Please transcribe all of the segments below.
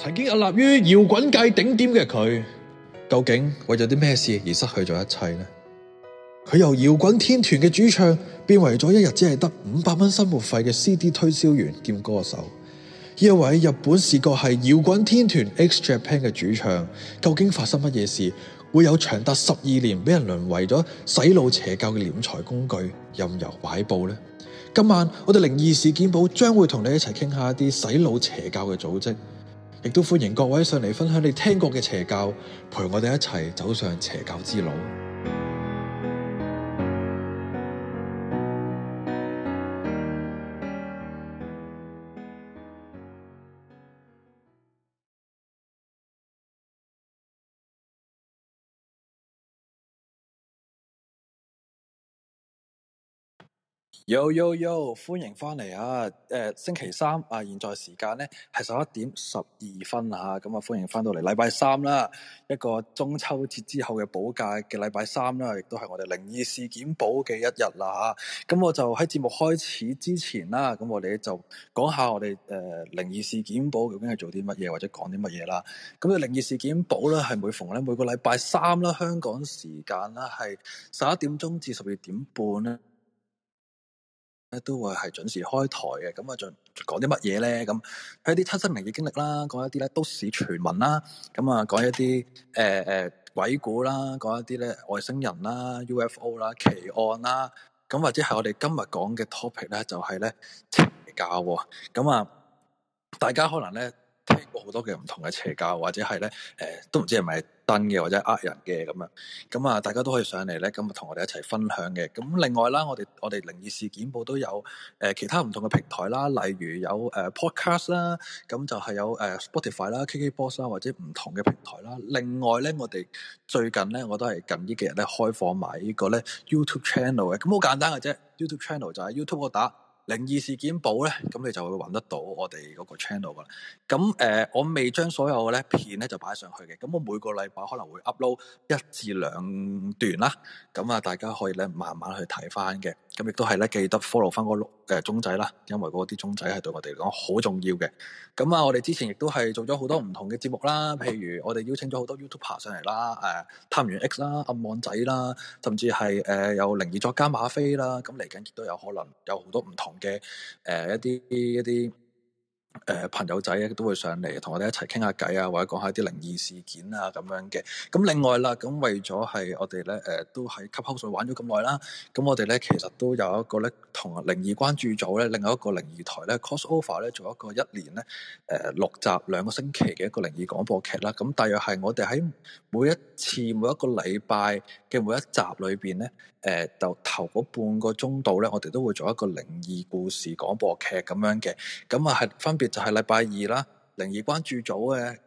曾經屹立於搖滾界頂點嘅佢，究竟為咗啲咩事而失去咗一切呢？佢由搖滾天團嘅主唱變為咗一日只係得五百蚊生活費嘅 CD 推銷員兼歌手。呢一位日本視覺系搖滾天團 X Japan 嘅主唱，究竟發生乜嘢事，會有長達十二年俾人淪為咗洗腦邪教嘅斂財工具，任由擺佈呢？今晚我哋靈異事件簿將會同你一齊傾下一啲洗腦邪教嘅組織。亦都歡迎各位上嚟分享你聽過嘅邪教，陪我哋一齊走上邪教之路。Yo, yo yo 歡迎翻嚟啊！誒、呃，星期三啊，現在時間咧係十一點十二分吓，咁啊，啊，歡迎翻到嚟禮拜三啦，一個中秋節之後嘅補假嘅禮拜三啦，亦都係我哋靈異事件簿嘅一日啦吓。咁、啊、我就喺節目開始之前啦，咁我哋就講一下我哋誒、呃、靈異事件簿究竟係做啲乜嘢或者講啲乜嘢啦。咁嘅靈異事件簿咧，係每逢咧每個禮拜三啦，香港時間啦係十一點鐘至十二點半啦。咧都會係準時開台嘅，咁啊仲講啲乜嘢咧？咁講一啲親身嘅經歷啦，講一啲咧都市傳聞啦，咁啊講一啲誒誒鬼故啦，講一啲咧外星人啦、UFO 啦、奇案啦，咁或者係我哋今日講嘅 topic 咧，就係咧邪教。咁啊，大家可能咧聽過好多嘅唔同嘅邪教，或者係咧誒都唔知係咪。真嘅或者呃人嘅咁樣，咁啊大家都可以上嚟咧，咁啊同我哋一齊分享嘅。咁另外啦，我哋我哋靈異事件簿都有誒、呃、其他唔同嘅平台啦，例如有誒、呃、podcast 啦，咁就係有誒、呃、Spotify 啦、KKbox 啦或者唔同嘅平台啦。另外咧，我哋最近咧我都係近呢幾日咧開放埋呢個咧 YouTube channel 嘅，咁好簡單嘅啫。YouTube channel 就喺 YouTube 度打。靈異事件簿咧，咁你就會揾得到我哋嗰個 channel 噶啦。咁、呃、我未將所有咧片咧就擺上去嘅。咁我每個禮拜可能會 upload 一至兩段啦。咁啊，大家可以咧慢慢去睇返嘅。咁亦都係咧，記得 follow 翻、嗰個誒、呃、鐘仔啦，因為嗰啲鐘仔係對我哋嚟講好重要嘅。咁啊，我哋之前亦都係做咗好多唔同嘅節目啦，譬如我哋邀請咗好多 YouTuber 上嚟啦，誒、呃、探員 X 啦、暗網仔啦，甚至係、呃、有又靈異作家馬飛啦。咁嚟緊亦都有可能有好多唔同嘅、呃、一啲一啲。誒、呃，朋友仔咧都會上嚟同我哋一齊傾下偈啊，或者講下啲靈異事件啊，咁樣嘅。咁另外啦，咁為咗係我哋咧，誒、呃，都喺吸口水玩咗咁耐啦。咁我哋咧其實都有一個咧同靈異關注組咧，另外一個靈異台咧 cross over 咧做一個一年咧誒、呃、六集兩個星期嘅一個靈異廣播劇啦。咁大約係我哋喺每一次每一個禮拜嘅每一集裏邊咧。誒、呃，就頭嗰半個鐘度咧，我哋都會做一個靈異故事廣播劇咁樣嘅。咁啊，係分別就係禮拜二啦，靈異關注組嘅。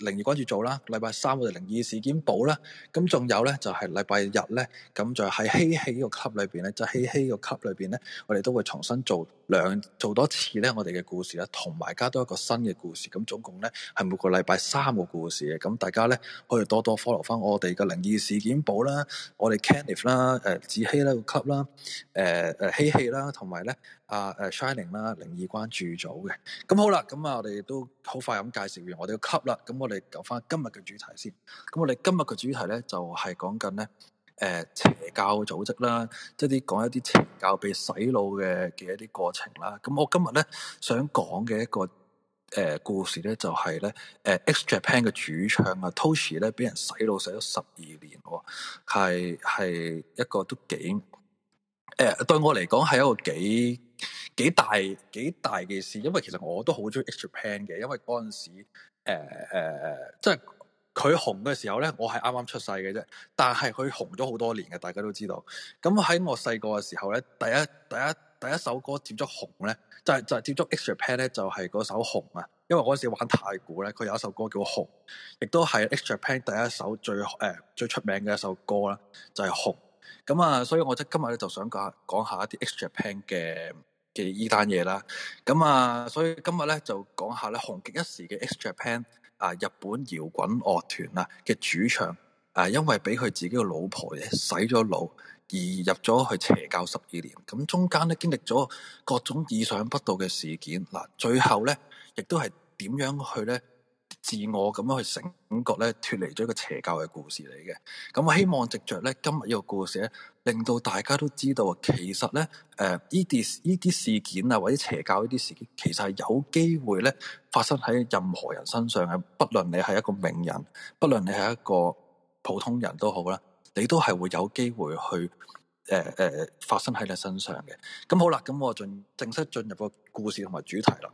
靈異關注做啦，禮拜三我哋靈異事件簿啦，咁仲有咧就係禮拜日咧，咁就喺希希呢個級裏邊咧，就希希個級裏邊咧，我哋都會重新做兩做多次咧，我哋嘅故事啦，同埋加多一個新嘅故事，咁總共咧係每個禮拜三個故事嘅，咁大家咧可以多多 follow 翻我哋嘅靈異事件簿啦，我哋 Kenneth 啦，誒、呃、子希呢個級啦，誒誒希希啦，同埋咧。啊，誒、uh, shining 啦，靈異關注組嘅，咁好啦，咁啊，我哋都好快咁介紹完，我哋要 club 啦，咁我哋講翻今日嘅主題先，咁我哋今日嘅主題咧就係講緊咧誒邪教組織啦，即係啲講一啲邪教被洗腦嘅嘅一啲過程啦，咁我今日咧想講嘅一個誒、呃、故事咧就係、是、咧誒、呃、X Japan 嘅主唱啊 Toshi 咧俾人洗腦洗咗十二年喎、哦，係係一個都幾。誒，對我嚟講係一個幾幾大幾大嘅事，因為其實我都好中意 X Japan 嘅，因為嗰陣時誒誒，即係佢紅嘅時候咧、呃呃就是，我係啱啱出世嘅啫。但係佢紅咗好多年嘅，大家都知道。咁喺我細個嘅時候咧，第一第一第一首歌接觸紅咧，就係、是、就係、是、接觸 X Japan 咧，就係嗰首紅啊。因為嗰陣時候玩太古咧，佢有一首歌叫紅，亦都係 X Japan 第一首最誒、呃、最出名嘅一首歌啦，就係、是、紅。咁啊，所以我即今日咧就想講講下講一啲 X JAPAN 嘅嘅依單嘢啦。咁啊，所以今日咧就講下咧紅極一時嘅 X JAPAN 啊，日本搖滾樂團啊嘅主唱啊，因為俾佢自己個老婆洗咗腦而入咗去邪教十二年，咁中間咧經歷咗各種意想不到嘅事件嗱，啊，最後咧亦都係點樣去咧？自我咁樣去醒覺咧，脱離咗一個邪教嘅故事嚟嘅。咁我希望藉着咧今日呢個故事咧，令到大家都知道，其實咧，誒呢啲呢啲事件啊，或者邪教呢啲事件，其實係有機會咧發生喺任何人身上嘅。不論你係一個名人，不論你係一個普通人都好啦，你都係會有機會去，誒、呃、誒、呃、發生喺你身上嘅。咁好啦，咁我進正式進入個故事同埋主題啦。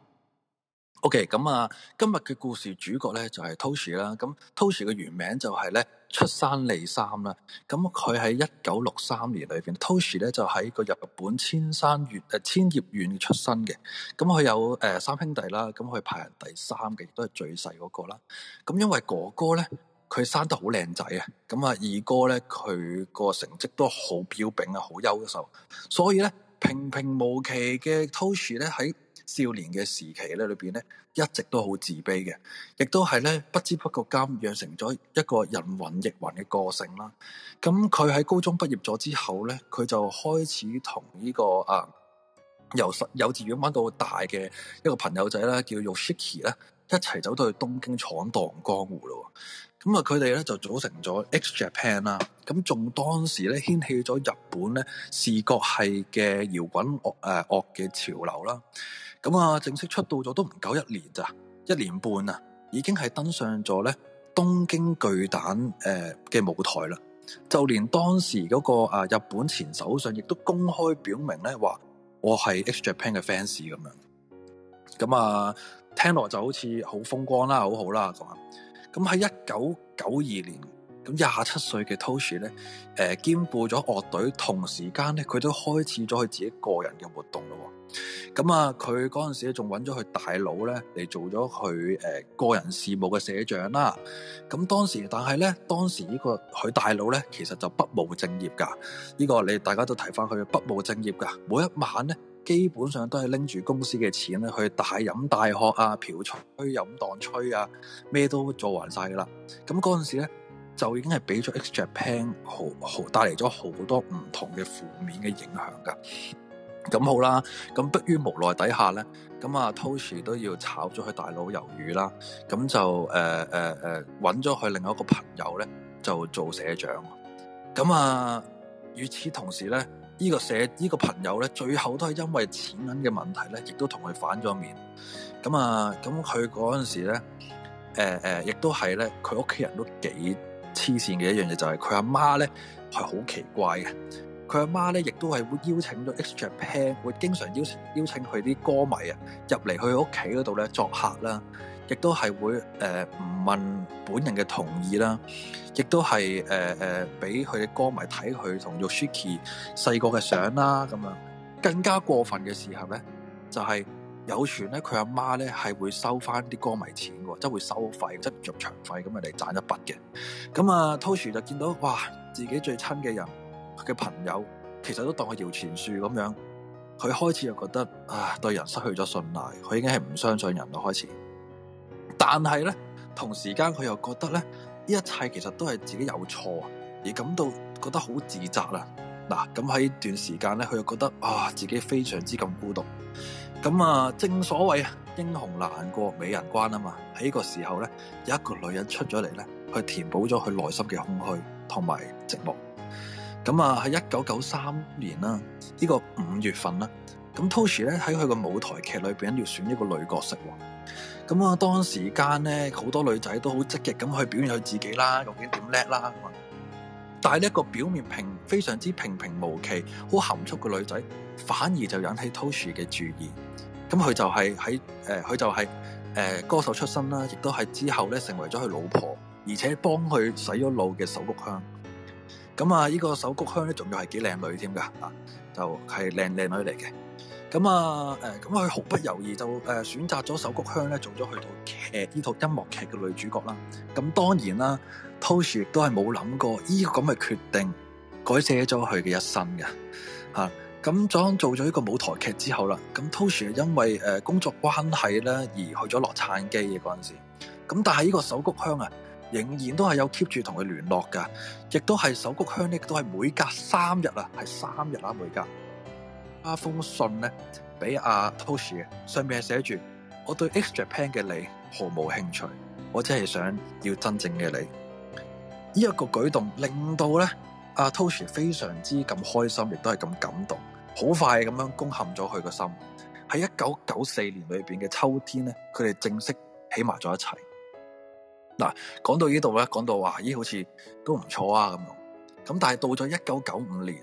OK，咁啊，今日嘅故事主角咧就係、是、Toshi 啦。咁 Toshi 嘅原名就係咧出山利三啦。咁佢喺一九六三年裏邊，Toshi 咧就喺、是、個日本千山院誒千葉縣出生嘅。咁佢有誒、呃、三兄弟啦，咁佢排行第三嘅，亦都係最細嗰個啦。咁因為哥哥咧佢生得好靚仔啊，咁啊二哥咧佢個成績都好彪炳啊，好優秀，所以咧平平無奇嘅 Toshi 咧喺、在少年嘅時期咧，裏邊咧一直都好自卑嘅，亦都係咧不知不覺間養成咗一個人雲亦雲嘅個性啦。咁佢喺高中畢業咗之後咧，佢就開始同呢、這個啊由幼稚園玩到大嘅一個朋友仔啦，叫做 Yoshiki 啦，一齊走到去東京闖蕩江湖咯。咁啊，佢哋咧就組成咗 X Japan 啦。咁仲當時咧掀起咗日本咧視覺系嘅搖滾樂誒樂嘅潮流啦。咁啊，正式出道咗都唔夠一年咋，一年半啊，已經係登上咗咧東京巨蛋誒嘅、呃、舞台啦。就連當時嗰個啊日本前首相亦都公開表明咧話，我係 X Japan 嘅 fans 咁樣。咁啊，聽落就好似好風光啦，好好啦咁。咁喺一九九二年。咁廿七歲嘅 Toshi 咧，誒、呃，兼顧咗樂隊，同時間咧，佢都開始咗佢自己個人嘅活動咯、哦。咁啊，佢嗰陣時咧，仲搵咗佢大佬咧嚟做咗佢誒個人事務嘅社長啦。咁當時，但係咧，當時呢、這個佢大佬咧，其實就不務正業噶。呢、這個你大家都提翻佢不務正業噶，每一晚咧，基本上都係拎住公司嘅錢咧去大飲大喝啊，嫖吹飲咁蕩吹啊，咩都做完晒噶啦。咁嗰陣時咧。就已經係俾咗 X JAPAN 好好帶嚟咗好多唔同嘅負面嘅影響㗎。咁好啦，咁迫於無奈底下咧，咁啊 Toshi 都要炒咗佢大佬魷魚啦。咁就誒誒誒揾咗佢另一個朋友咧，就做社長。咁啊，與此同時咧，呢、這個社呢、這個朋友咧，最後都係因為錢銀嘅問題咧，亦都同佢反咗面。咁啊，咁佢嗰陣時咧，誒、呃、誒，亦都係咧，佢屋企人都幾～黐線嘅一樣嘢就係佢阿媽咧，係好奇怪嘅。佢阿媽咧亦都係會邀請到 X JAPAN，會經常邀邀請佢啲歌迷啊，入嚟佢屋企嗰度咧作客啦，亦都係會誒唔、呃、問本人嘅同意啦，亦都係誒誒俾佢啲歌迷睇佢同 Yoshiki 細個嘅相啦咁樣。更加過分嘅時候咧，就係、是。有傳咧，佢阿媽咧係會收翻啲歌迷錢嘅，即係會收費，即入場費咁嚟賺一筆嘅。咁啊，Toshi 就見到哇，自己最親嘅人嘅朋友，其實都當佢搖錢樹咁樣。佢開始又覺得啊，對人失去咗信賴，佢已經係唔相信人咯。開始，但係咧，同時間佢又覺得咧，呢一切其實都係自己有錯，而感到覺得好自責啦。嗱，咁喺段時間咧，佢又覺得啊，自己非常之咁孤獨。咁啊，正所謂啊，英雄難過美人關啊嘛，喺呢個時候呢，有一個女人出咗嚟呢，去填補咗佢內心嘅空虛同埋寂寞。咁啊，喺一九九三年啦，呢個五月份啦，咁 Toshi 咧喺佢個舞台劇裏邊要選一個女角色。咁啊，當時間呢，好多女仔都好積極咁去表現佢自己啦，究竟點叻啦？咁啊，但係呢一個表面平非常之平平無奇、好含蓄嘅女仔，反而就引起 Toshi 嘅注意。咁佢就係喺誒，佢就係、是、誒、呃就是呃、歌手出身啦，亦都係之後咧成為咗佢老婆，而且幫佢洗咗腦嘅手谷香。咁啊，呢、這個手谷香咧，仲要係幾靚女添㗎啊！就係靚靚女嚟嘅。咁啊誒，咁、呃、佢毫不猶豫就誒、呃、選擇咗手谷香咧，做咗佢套劇依套音樂劇嘅女主角啦。咁、啊、當然啦，Toshi 亦都係冇諗過呢個咁嘅決定改寫咗佢嘅一生嘅嚇。啊。咁做咗呢個舞台劇之後啦，咁 Toshi 因為誒工作關係咧而去咗洛杉磯嘅嗰陣時，咁但係呢個手谷香啊，仍然都係有 keep 住同佢聯絡噶，亦都係手谷香咧都係每隔三日啊，係三日啦每隔，一封信咧俾阿 Toshi 上面寫住我對 X JAPAN 嘅你毫無興趣，我只係想要真正嘅你，呢、這、一個舉動令到咧阿 Toshi 非常之咁開心，亦都係咁感動。好快咁樣攻陷咗佢個心，喺一九九四年裏邊嘅秋天咧，佢哋正式起埋咗一齊。嗱，講到呢度咧，講到話咦，好似都唔錯啊咁樣。咁但係到咗一九九五年，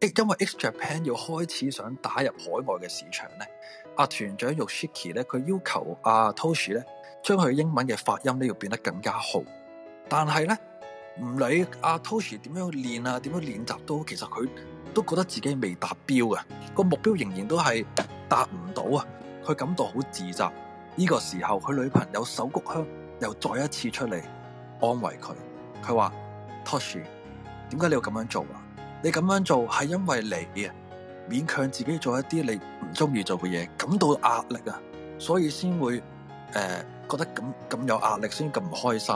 因為 X Japan 要開始想打入海外嘅市場咧，阿團長 Yoshiki 咧，佢要求阿 Toshi 咧，將佢英文嘅發音咧要變得更加好。但係咧，唔理阿 Toshi 點樣練啊，點樣練習都，其實佢，都覺得自己未達標啊，個目標仍然都係達唔到啊！佢感到好自責。呢、這個時候，佢女朋友手谷香又再一次出嚟安慰佢。佢話：，Toshi 點解你要咁樣做啊？你咁樣做係因為你啊，勉強自己做一啲你唔中意做嘅嘢，感到壓力啊，所以先會誒、呃、覺得咁咁有壓力，先咁唔開心。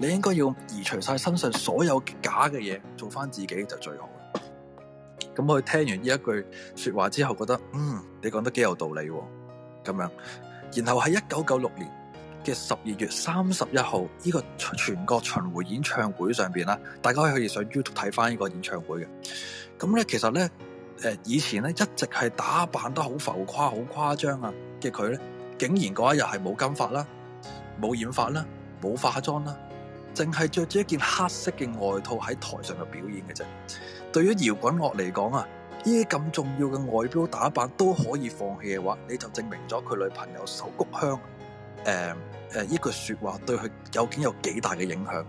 你應該要移除晒身上所有假嘅嘢，做返自己就最好。咁佢聽完呢一句說話之後，覺得嗯，你講得幾有道理喎，咁樣。然後喺一九九六年嘅十二月三十一號，呢個全國巡迴演唱會上邊啦，大家可以去上 YouTube 睇翻呢個演唱會嘅。咁咧，其實咧，誒，以前咧一直係打扮得好浮誇、好誇張啊嘅佢咧，竟然嗰一日係冇金髮啦、冇染髮啦、冇化妝啦。淨係着住一件黑色嘅外套喺台上嘅表演嘅啫。對於搖滾樂嚟講啊，呢啲咁重要嘅外表打扮都可以放棄嘅話，你就證明咗佢女朋友手谷香，誒、呃、誒，呢、呃、句說話對佢究竟有幾大嘅影響，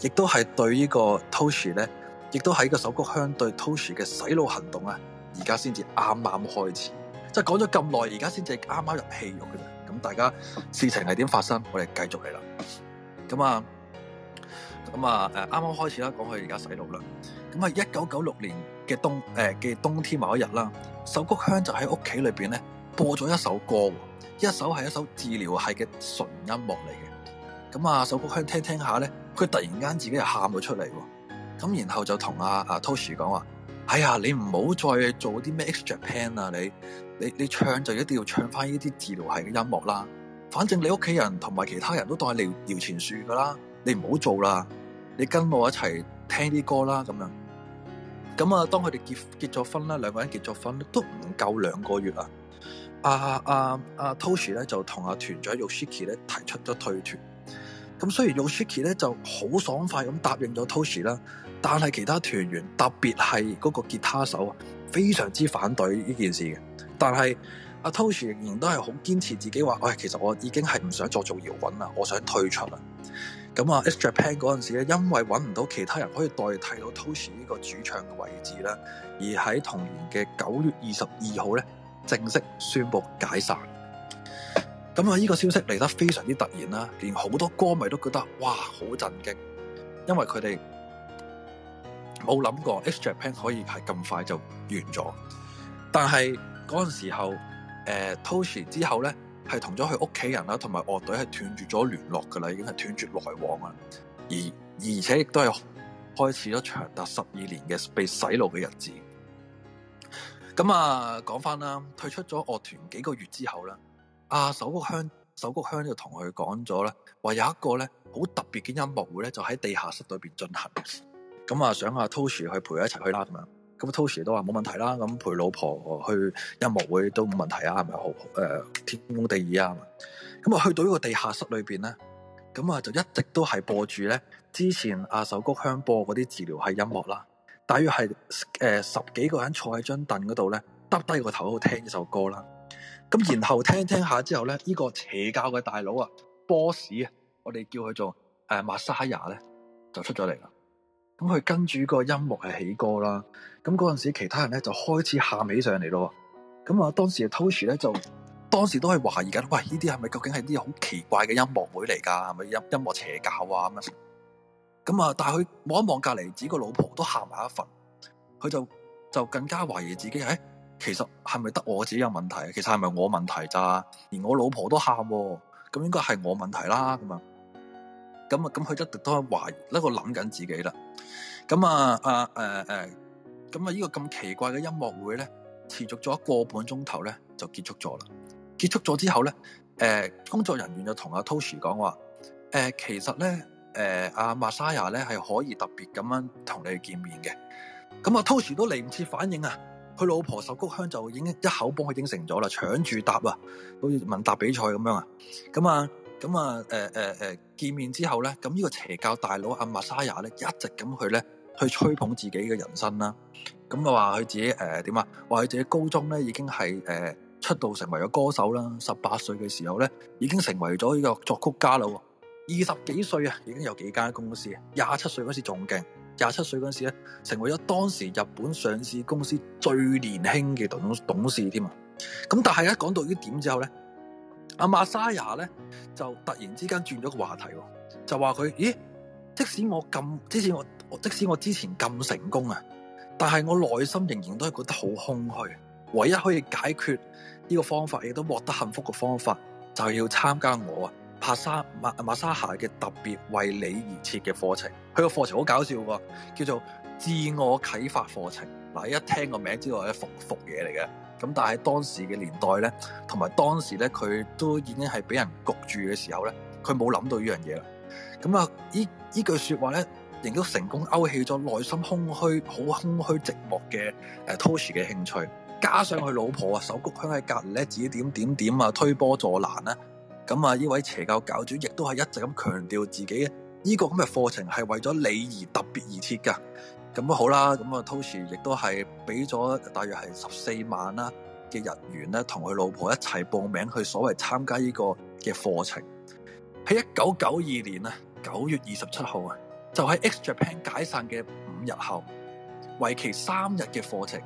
亦都係對個呢個 Toshi 咧，亦都喺個手谷香對 Toshi 嘅洗腦行動啊，而家先至啱啱開始，即係講咗咁耐，剛剛而家先至啱啱入戲肉嘅。咁大家事情係點發生？我哋繼續嚟啦。咁啊～咁啊，誒啱啱開始啦，講佢而家洗腦啦。咁啊，一九九六年嘅冬，誒、呃、嘅冬天某一日啦，手谷香就喺屋企裏邊咧播咗一首歌，一首係一首治療系嘅純音樂嚟嘅。咁啊，手谷香聽聽下咧，佢突然間自己就喊咗出嚟喎。咁然後就同阿阿 Toshi 講話：哎呀，你唔好再做啲咩 X Japan 啊！你你你唱就一定要唱翻呢啲治療系嘅音樂啦。反正你屋企人同埋其他人都當係你搖錢樹噶啦。你唔好做啦，你跟我一齊聽啲歌啦咁樣。咁啊，當佢哋結結咗婚啦，兩個人結咗婚都唔夠兩個月啊！阿、啊、阿、啊、Toshi 咧就同阿團長 Yoshiki 咧提出咗退團。咁雖然 Yoshiki 咧就好爽快咁答應咗 Toshi 啦，但係其他團員，特別係嗰個吉他手啊，非常之反對呢件事嘅。但係阿、啊、Toshi 仍然都係好堅持自己話：，哎，其實我已經係唔想再做搖滾啦，我想退出啦。咁啊，X Japan 嗰陣時咧，因為揾唔到其他人可以代替到 Toshi 呢個主唱嘅位置咧，而喺同年嘅九月二十二號咧，正式宣布解散。咁啊，呢個消息嚟得非常之突然啦，連好多歌迷都覺得哇，好震驚，因為佢哋冇諗過 X Japan 可以係咁快就完咗。但係嗰陣時候，誒、呃、Toshi 之後咧，係同咗佢屋企人啦，同埋樂隊係斷絕咗聯絡噶啦，已經係斷絕來往啦。而，而且亦都係開始咗長達十二年嘅被洗腦嘅日子。咁啊，講翻啦，退出咗樂團幾個月之後咧，阿、啊、首谷香、首谷香就同佢講咗咧，話有一個咧好特別嘅音樂會咧，就喺地下室裏邊進行。咁啊，想阿、啊、Toshi 去陪佢一齊去啦，咁樣。咁 Toshi 都話冇問題啦，咁陪老婆去音樂會都冇問題是不是、呃、啊，係咪好誒天公地義啊？咁啊去到呢個地下室裏邊咧，咁啊就一直都係播住咧之前阿、啊、首歌香播嗰啲治療係音樂啦，大約係誒十幾個人坐喺張凳嗰度咧，耷低個頭喺度聽呢首歌啦，咁然後聽一聽下之後咧，呢、這個邪教嘅大佬啊，Boss，我哋叫佢做誒 Masaya 咧，就出咗嚟啦。咁佢跟住個音樂係起歌啦，咁嗰陣時其他人咧就開始喊起上嚟咯。咁啊，當時嘅 Toshi 咧就，當時都係懷疑緊，喂呢啲係咪究竟係啲好奇怪嘅音樂會嚟噶？係咪音音樂邪教啊咁樣？咁啊，但係佢望一望隔籬自己個老婆都喊埋一份，佢就就更加懷疑自己，係、哎，其實係咪得我自己有問題？其實係咪我問題咋？連我老婆都喊，咁應該係我問題啦咁啊。咁啊，咁佢一直都喺懷呢個諗緊自己啦。咁啊，阿誒誒，咁啊呢個咁奇怪嘅音樂會咧，持續咗一個半鐘頭咧，就結束咗啦。結束咗之後咧，誒、呃，工作人員就同阿 Toshi 講話，誒、呃，其實咧，誒、呃，阿 Masaya 咧係可以特別咁樣同你見面嘅。咁阿 Toshi 都嚟唔切反應啊，佢老婆受谷香就已經一口幫佢應承咗啦，搶住答啊，好似問答比賽咁樣啊。咁啊。咁啊，誒誒誒，見面之後咧，咁呢個邪教大佬阿 Masaya 咧，一直咁去咧，去吹捧自己嘅人生啦。咁啊話佢自己誒點啊？話、呃、佢自己高中咧已經係誒、呃、出道成為咗歌手啦。十八歲嘅時候咧，已經成為咗呢個作曲家啦。二十幾歲啊，已經有幾間公司。廿七歲嗰時仲勁，廿七歲嗰時咧，成為咗當時日本上市公司最年輕嘅董董事添啊。咁但係一講到呢點之後咧。阿瑪莎雅咧就突然之間轉咗個話題，就話佢咦，即使我咁，即使我即使我之前咁成功啊，但係我內心仍然都係覺得好空虛，唯一可以解決呢個方法，亦都獲得幸福嘅方法，就要參加我啊，帕莎瑪瑪莎雅嘅特別為你而設嘅課程。佢個課程好搞笑噶，叫做自我啟發課程。嗱、啊，一聽個名之外，知道一服服嘢嚟嘅。咁但係當時嘅年代咧，同埋當時咧，佢都已經係俾人焗住嘅時候咧，佢冇諗到呢樣嘢啦。咁啊，依依句説話咧，亦都成功勾起咗內心空虛、好空虛、寂寞嘅誒、啊、Toshi 嘅興趣。加上佢老婆啊，手谷香喺隔離咧，自己點點點啊，推波助瀾啦。咁啊，呢位邪教教主亦都係一直咁強調自己呢、這個咁嘅課程係為咗你而特別而設㗎。咁啊好啦，咁啊 Toshi 亦都係俾咗大約係十四萬啦嘅日元咧，同佢老婆一齊報名去所謂參加呢個嘅課程。喺一九九二年啊，九月二十七號啊，就喺、是、X Japan 解散嘅五日後，為期三日嘅課程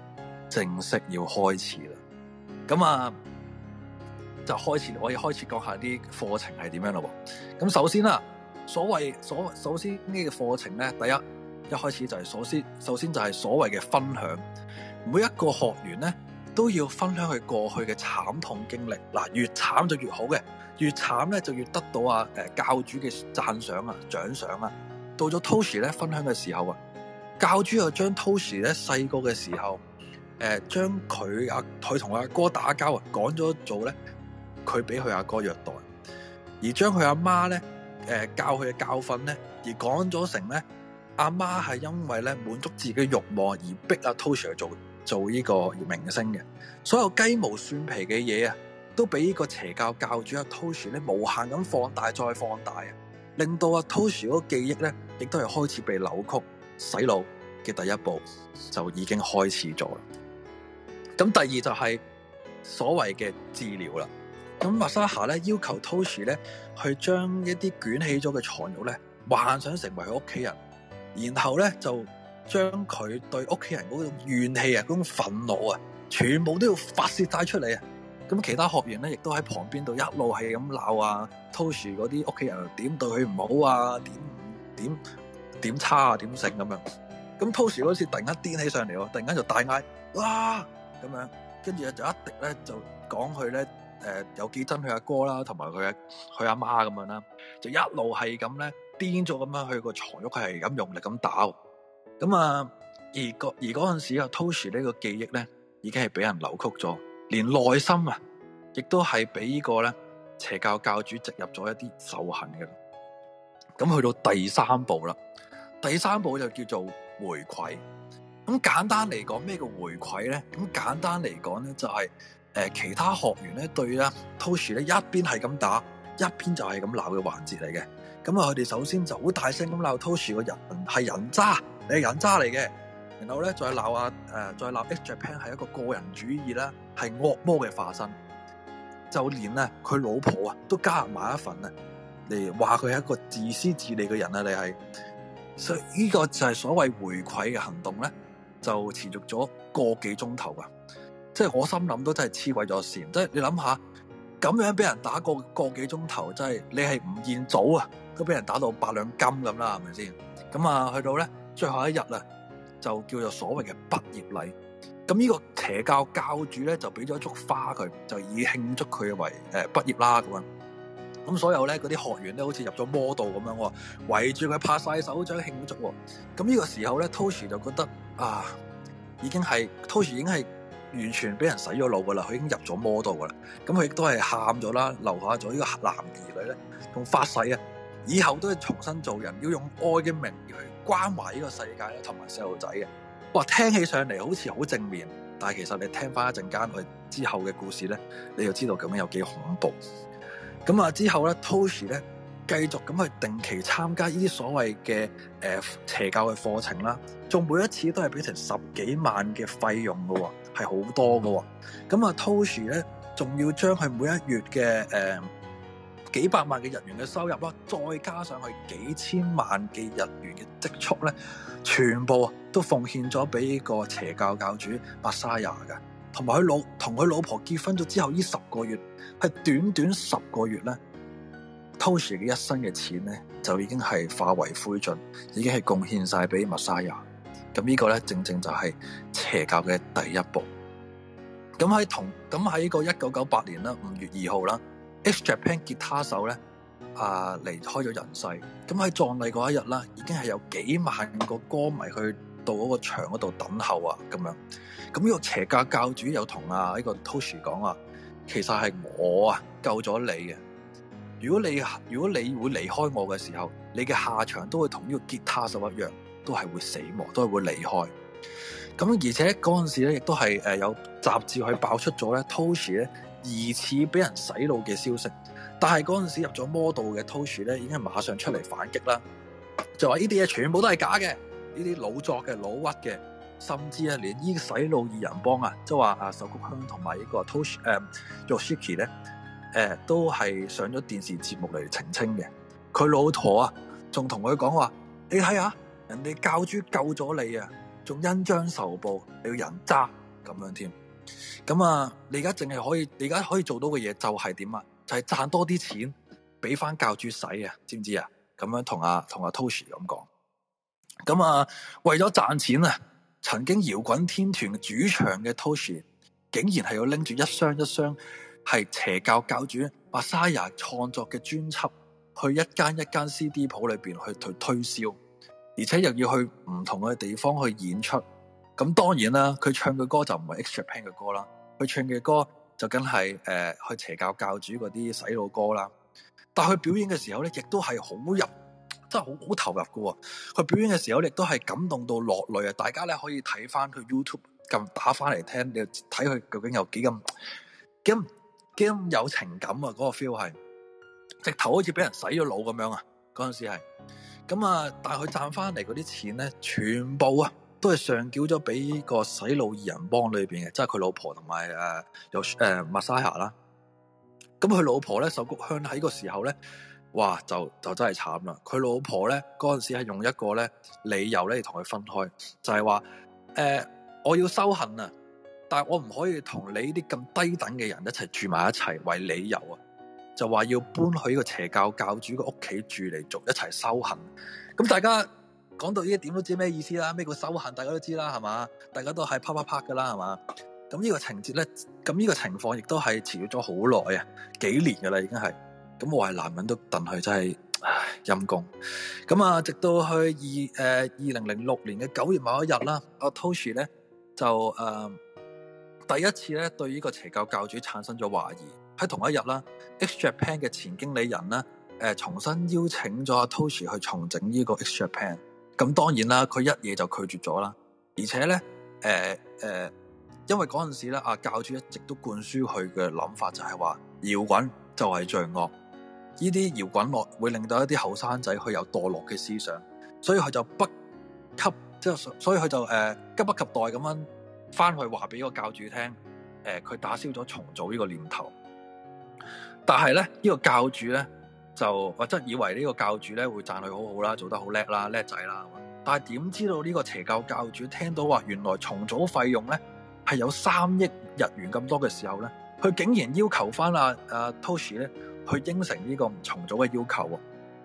正式要開始啦。咁啊，就開始我要開始講下啲課程係點樣咯。咁首先啊，所謂所首先呢、這個課程咧，第一。一開始就係首先，首先就係所謂嘅分享，每一個學員呢都要分享佢過去嘅慘痛經歷，嗱，越慘就越好嘅，越慘呢就越得到阿誒教主嘅讚賞啊獎賞啊。到咗 Toshi 咧分享嘅時候啊，教主又將 Toshi 咧細個嘅時候，誒將佢阿佢同阿哥打交啊，講咗做咧，佢俾佢阿哥虐待，而將佢阿媽咧，誒教佢嘅教訓咧，而講咗成咧。阿媽係因為咧滿足自己嘅慾望而逼阿 Toshi 做做呢個明星嘅。所有雞毛蒜皮嘅嘢啊，都俾呢個邪教教主阿 Toshi 咧無限咁放大再放大啊，令到阿 Toshi 個記憶咧亦都係開始被扭曲，洗腦嘅第一步就已經開始咗啦。咁第二就係所謂嘅治療啦，咁阿沙夏咧要求 Toshi 咧去將一啲捲起咗嘅床褥咧幻想成為佢屋企人。然後咧就將佢對屋企人嗰種怨氣啊、嗰種憤怒啊，全部都要發泄曬出嚟啊！咁其他學員咧亦都喺旁邊度一路係咁鬧啊，Toshi 嗰啲屋企人點對佢唔好啊，點點點差啊，點成？咁樣。咁 Toshi 嗰次突然間癲起上嚟喎，突然間就大嗌哇咁樣，跟住就一滴咧就講佢咧誒有幾憎佢阿哥啦，同埋佢阿佢阿媽咁樣啦，就一路係咁咧。癲咗咁樣去個床褥，係咁用力咁打，咁啊而個而嗰陣時啊 Toshi 呢個記憶咧，已經係俾人扭曲咗，連內心啊，亦都係俾呢個咧邪教教主植入咗一啲仇恨嘅。咁去到第三步啦，第三步就叫做回饋。咁簡單嚟講咩叫回饋咧？咁簡單嚟講咧，就係誒其他學員咧對啦 Toshi 咧一邊係咁打。一邊就係咁鬧嘅環節嚟嘅，咁啊佢哋首先就好大聲咁鬧 Toshi 個人係人渣，你係人渣嚟嘅，然後咧再鬧啊誒，再鬧 X Japan、呃、係一個個人主義啦，係惡魔嘅化身，就連咧佢老婆啊都加入埋一份啊嚟話佢係一個自私自利嘅人啊，你係，所以呢個就係所謂回饋嘅行動咧，就持續咗個幾鐘頭啊，即係我心諗都真係黐鬼咗線，即係你諗下。咁樣俾人打過個幾鐘頭，真係你係唔見早啊，都俾人打到八兩金咁啦，係咪先？咁啊，去到咧最後一日啦，就叫做所謂嘅畢業禮。咁呢個邪教教主咧就俾咗一束花佢，就以慶祝佢為誒畢業啦咁樣。咁所有咧嗰啲學員咧，好似入咗魔道咁樣，圍住佢拍晒手掌慶祝。咁呢個時候咧，Toshi 就覺得啊，已經係 Toshi 已經係。完全俾人洗咗腦噶啦，佢已經入咗魔道噶啦。咁佢亦都係喊咗啦，留下咗呢個男兒女咧，同發誓啊，以後都係重新做人，要用愛嘅名義去關懷呢個世界咧，同埋細路仔嘅。哇，聽起上嚟好似好正面，但係其實你聽翻一陣間佢之後嘅故事咧，你就知道咁樣有幾恐怖。咁啊，之後咧，Toshi 咧繼續咁去定期參加呢啲所謂嘅誒、呃、邪教嘅課程啦，仲每一次都係俾成十幾萬嘅費用噶。係好多嘅，咁啊，Toshi 咧仲要將佢每一月嘅誒、呃、幾百萬嘅日元嘅收入啦，再加上佢幾千萬嘅日元嘅積蓄咧，全部啊都奉獻咗俾呢個邪教教主 Masaya 嘅，同埋佢老同佢老婆結婚咗之後，呢十個月係短短十個月咧，Toshi 嘅一生嘅錢咧就已經係化為灰燼，已經係貢獻晒俾 Masaya。咁呢個咧，正正就係邪教嘅第一步。咁喺同，咁喺呢個一九九八年啦，五月二號啦，X Japan 吉他手咧啊離開咗人世。咁喺葬禮嗰一日啦，已經係有幾萬個歌迷去到嗰個場嗰度等候啊，咁樣。咁呢個邪教教主又同啊呢、這個 Toshi 講啊，其實係我啊救咗你嘅。如果你如果你會離開我嘅時候，你嘅下場都會同呢個吉他手一樣。都係會死亡，都係會離開。咁而且嗰陣時咧，亦都係誒有雜誌去爆出咗咧，Toshi 咧疑似俾人洗腦嘅消息。但係嗰陣時入咗魔道嘅 Toshi 咧，已經係馬上出嚟反擊啦，就話呢啲嘢全部都係假嘅，呢啲老作嘅、老屈嘅，甚至啊連呢洗腦二人幫啊，即係話阿手菊香同埋呢個 Toshi 誒 Yoshiki 咧，誒、呃、都係上咗電視節目嚟澄清嘅。佢老陀啊，仲同佢講話，你睇下。人哋教主救咗你啊，仲恩將仇報，你要人渣咁樣添。咁啊，你而家淨係可以，你而家可以做到嘅嘢就係點啊？就係賺多啲錢，俾翻教主使啊！知唔知啊？咁樣同阿同阿 Toshi 咁講。咁啊，為咗賺錢啊，曾經搖滾天團主唱嘅 Toshi 竟然係要拎住一箱一箱係邪教教主 Masaya 創作嘅專輯，去一間一間 CD 鋪裏邊去推推銷。而且又要去唔同嘅地方去演出，咁當然啦，佢唱嘅歌就唔係 X Japan 嘅歌啦，佢唱嘅歌就梗係誒去邪教教主嗰啲洗腦歌啦。但係佢表演嘅時候咧，亦都係好入，真係好好投入噶、哦。佢表演嘅時候，亦都係感動到落淚啊！大家咧可以睇翻佢 YouTube 咁打翻嚟聽，你睇佢究竟有幾咁驚驚有情感啊！嗰、那個 feel 係直頭好似俾人洗咗腦咁樣啊！嗰陣時係，咁啊，但係佢賺翻嚟嗰啲錢咧，全部啊都係上繳咗俾個洗腦二人幫裏邊嘅，即係佢老婆同埋誒，有、呃、誒、呃、MASAYA 啦。咁佢老婆咧，守谷香喺個時候咧，哇就就真係慘啦！佢老婆咧嗰陣時係用一個咧理由咧，同佢分開，就係話誒我要修行啊，但我唔可以同你啲咁低等嘅人一齊住埋一齊為理由啊！就話要搬去呢個邪教教主嘅屋企住嚟，做一齊修行，咁大家講到呢一點都知咩意思啦？咩叫修行，大家都知啦，係嘛？大家都係啪啪啪噶啦，係嘛？咁呢個情節咧，咁呢個情況亦都係持續咗好耐啊，幾年噶啦已經係。咁我係男人都戥佢真係陰公。咁啊，直到去二誒二零零六年嘅九月某一日啦，阿 Toshi 咧就誒、呃、第一次咧對呢個邪教教主產生咗懷疑。喺同一日啦，X Japan 嘅前經理人咧，誒、呃、重新邀請咗阿 Toshi 去重整呢個 X Japan。咁當然啦，佢一嘢就拒絕咗啦。而且咧，誒、呃、誒、呃，因為嗰陣時咧，阿教主一直都灌輸佢嘅諗法就是說，搖滾就係話搖滾就係罪惡，呢啲搖滾樂會令到一啲後生仔佢有墮落嘅思想，所以佢就不給，即係所以佢就誒、呃、急不及待咁樣翻去話俾個教主聽，誒、呃、佢打消咗重組呢個念頭。但係咧，呢、這個教主咧就或者以為呢個教主咧會讚佢好好啦，做得好叻啦，叻仔啦。但係點知道呢個邪教教主聽到話原來重組費用咧係有三億日元咁多嘅時候咧，佢竟然要求翻阿、啊、阿、啊、Toshi 咧去應承呢個唔重組嘅要求喎，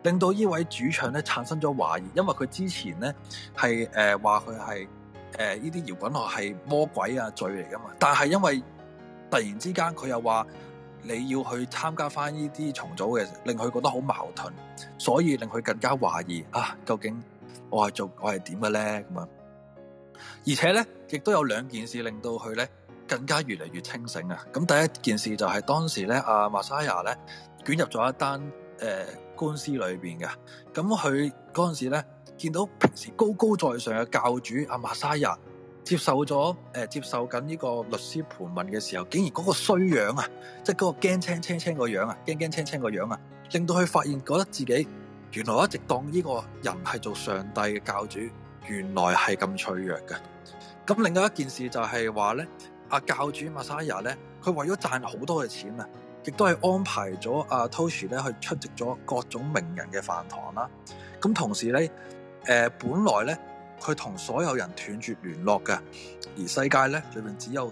令到呢位主唱咧產生咗懷疑，因為佢之前咧係誒話佢係誒呢啲搖滾樂係魔鬼啊罪嚟㗎嘛，但係因為突然之間佢又話，你要去參加翻呢啲重組嘅，令佢覺得好矛盾，所以令佢更加懷疑啊！究竟我係做我係點嘅咧咁樣？而且咧，亦都有兩件事令到佢咧更加越嚟越清醒啊！咁第一件事就係當時咧，阿、啊、馬莎亞咧捲入咗一單誒、呃、官司裏邊嘅，咁佢嗰陣時咧見到平時高高在上嘅教主阿、啊、馬莎亞。接受咗、呃、接受緊呢個律師盤問嘅時候，竟然嗰個衰樣啊，即係嗰個驚青青青個樣啊，驚驚青青個樣啊，令到佢發現覺得自己原來一直當呢個人係做上帝嘅教主，原來係咁脆弱嘅。咁另外一件事就係話咧，阿教主阿 Masaya 咧，佢為咗賺好多嘅錢啊，亦都係安排咗阿 Toshi 咧去出席咗各種名人嘅飯堂啦。咁同時咧、呃，本來咧。佢同所有人斷絕聯絡嘅，而世界咧裏面只有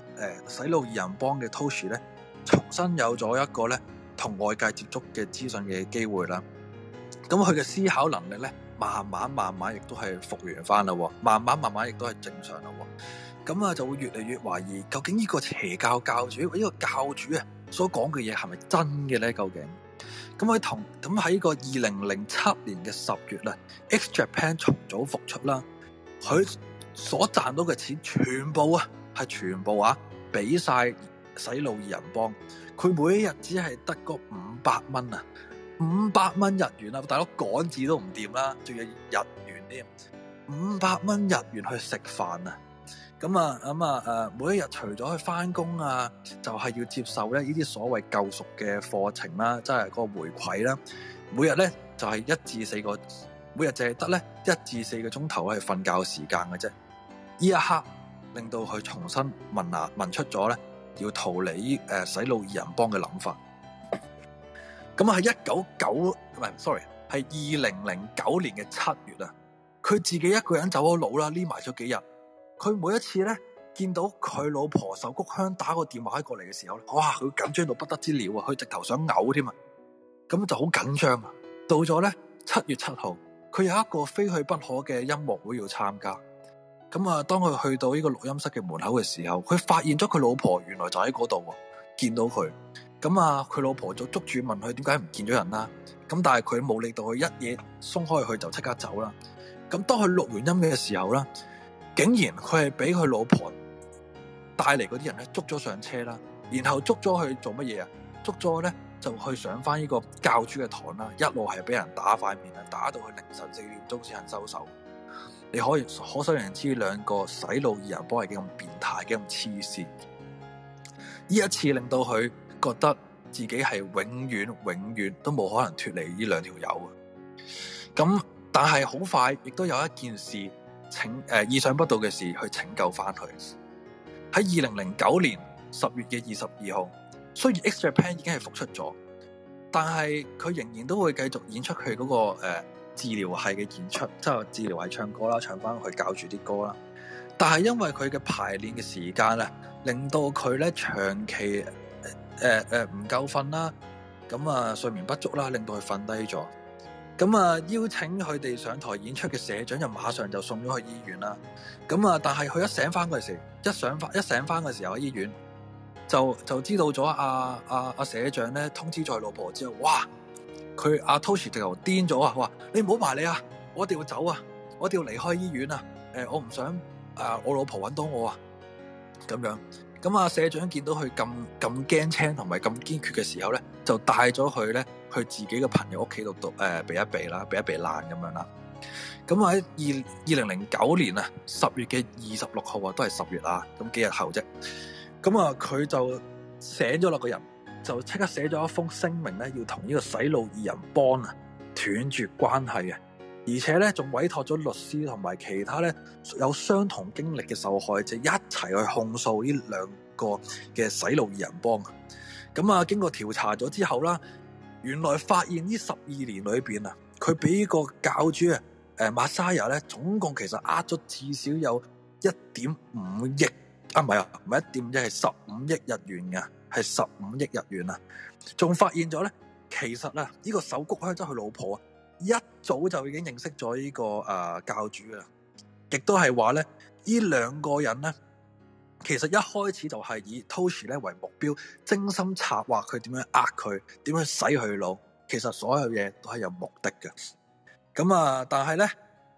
誒洗腦二人幫嘅 Toshi 咧，重新有咗一個咧同外界接觸嘅資訊嘅機會啦。咁佢嘅思考能力咧，慢慢慢慢亦都係復原翻啦，慢慢慢慢亦都係正常啦。咁啊，就會越嚟越懷疑，究竟呢個邪教教主，呢個教主啊，所講嘅嘢係咪真嘅咧？究竟咁佢同咁喺個二零零七年嘅十月啊，X Japan 重組復出啦。佢所賺到嘅錢全部，是全部啊，係全部啊，俾晒洗腦二人幫。佢每一日只係得個五百蚊啊，五百蚊日元啊。大佬港紙都唔掂啦，仲有日元添，五百蚊日元去食飯啊。咁啊咁啊誒，每一日除咗去翻工啊，就係、是、要接受咧呢啲所謂救贖嘅課程啦、啊，即係個回饋啦、啊。每日咧就係、是、一至四個。每日淨係得咧一至四個鐘頭係瞓覺嘅時間嘅啫，呢一刻令到佢重新聞牙聞出咗咧要逃離誒洗腦二人幫嘅諗法 9, 是。咁啊係一九九唔係，sorry 係二零零九年嘅七月啊，佢自己一個人走咗路啦，匿埋咗幾日。佢每一次咧見到佢老婆受菊香打個電話過嚟嘅時候，哇！佢緊張到不得之了啊，佢直頭想嘔添啊，咁就好緊張啊。到咗咧七月七號。佢有一個非去不可嘅音樂會要參加，咁啊，當佢去到呢個錄音室嘅門口嘅時候，佢發現咗佢老婆原來就喺嗰度喎。見到佢，咁啊，佢老婆就捉住問佢點解唔見咗人啦，啊，咁但係佢冇理到佢一嘢鬆開佢就即刻走啦，咁當佢錄完音嘅時候啦，竟然佢係俾佢老婆帶嚟嗰啲人咧捉咗上車啦，然後捉咗去做乜嘢啊？捉咗咧？就去上翻呢個教主嘅堂啦，一路係俾人打塊面啊，打到去凌晨四點鐘先肯收手。你可以可想而知兩個洗腦二人幫係幾咁變態，幾咁黐線。呢一次令到佢覺得自己係永遠永遠都冇可能脱離呢兩條友。咁但係好快亦都有一件事意想不到嘅事去拯救翻佢。喺二零零九年十月嘅二十二號。雖然 X JAPAN 已經係復出咗，但係佢仍然都會繼續演出佢嗰、那個、呃、治療係嘅演出，即係治療係唱歌啦，唱翻去教住啲歌啦。但係因為佢嘅排練嘅時間咧，令到佢咧長期誒誒唔夠瞓啦，咁、呃呃呃、啊睡眠不足啦，令到佢瞓低咗。咁啊邀請佢哋上台演出嘅社長就馬上就送咗去醫院啦。咁啊，但係佢一醒翻嗰時一，一醒翻一醒翻嘅時候，喺醫院。就就知道咗阿阿阿社長咧通知咗佢老婆之後，哇！佢阿 Toshi 直頭癲咗啊！話你唔好埋你啊，我一定要走啊，我一定要離開醫院啊！誒、呃，我唔想啊，我老婆揾到我啊！咁樣咁啊、嗯，社長見到佢咁咁驚青同埋咁堅決嘅時候咧，就帶咗佢咧去自己嘅朋友屋企度度誒避一避啦，避一避難咁樣啦。咁喺二二零零九年啊，十月嘅二十六號啊，都係十月啊，咁幾日後啫。咁啊，佢就醒咗兩個人，就即刻寫咗一封聲明咧，要同呢個洗腦二人幫啊斷絕關係嘅，而且咧仲委託咗律師同埋其他咧有相同經歷嘅受害者一齊去控訴呢兩個嘅洗腦二人幫。咁啊，經過調查咗之後啦，原來發現呢十二年裏邊啊，佢俾個教主啊誒馬沙亞咧，總共其實呃咗至少有一點五億。啊，唔係啊，唔係一點啫，係十五億日元噶，係十五億日元啊！仲發現咗咧，其實啊，呢、這個手谷香守谷香則佢老婆啊，一早就已經認識咗呢、這個誒、呃、教主啦，亦都係話咧呢兩個人咧，其實一開始就係以 Toshi 咧為目標，精心策劃佢點樣呃佢，點樣洗佢腦，其實所有嘢都係有目的嘅。咁、嗯、啊，但係咧，誒、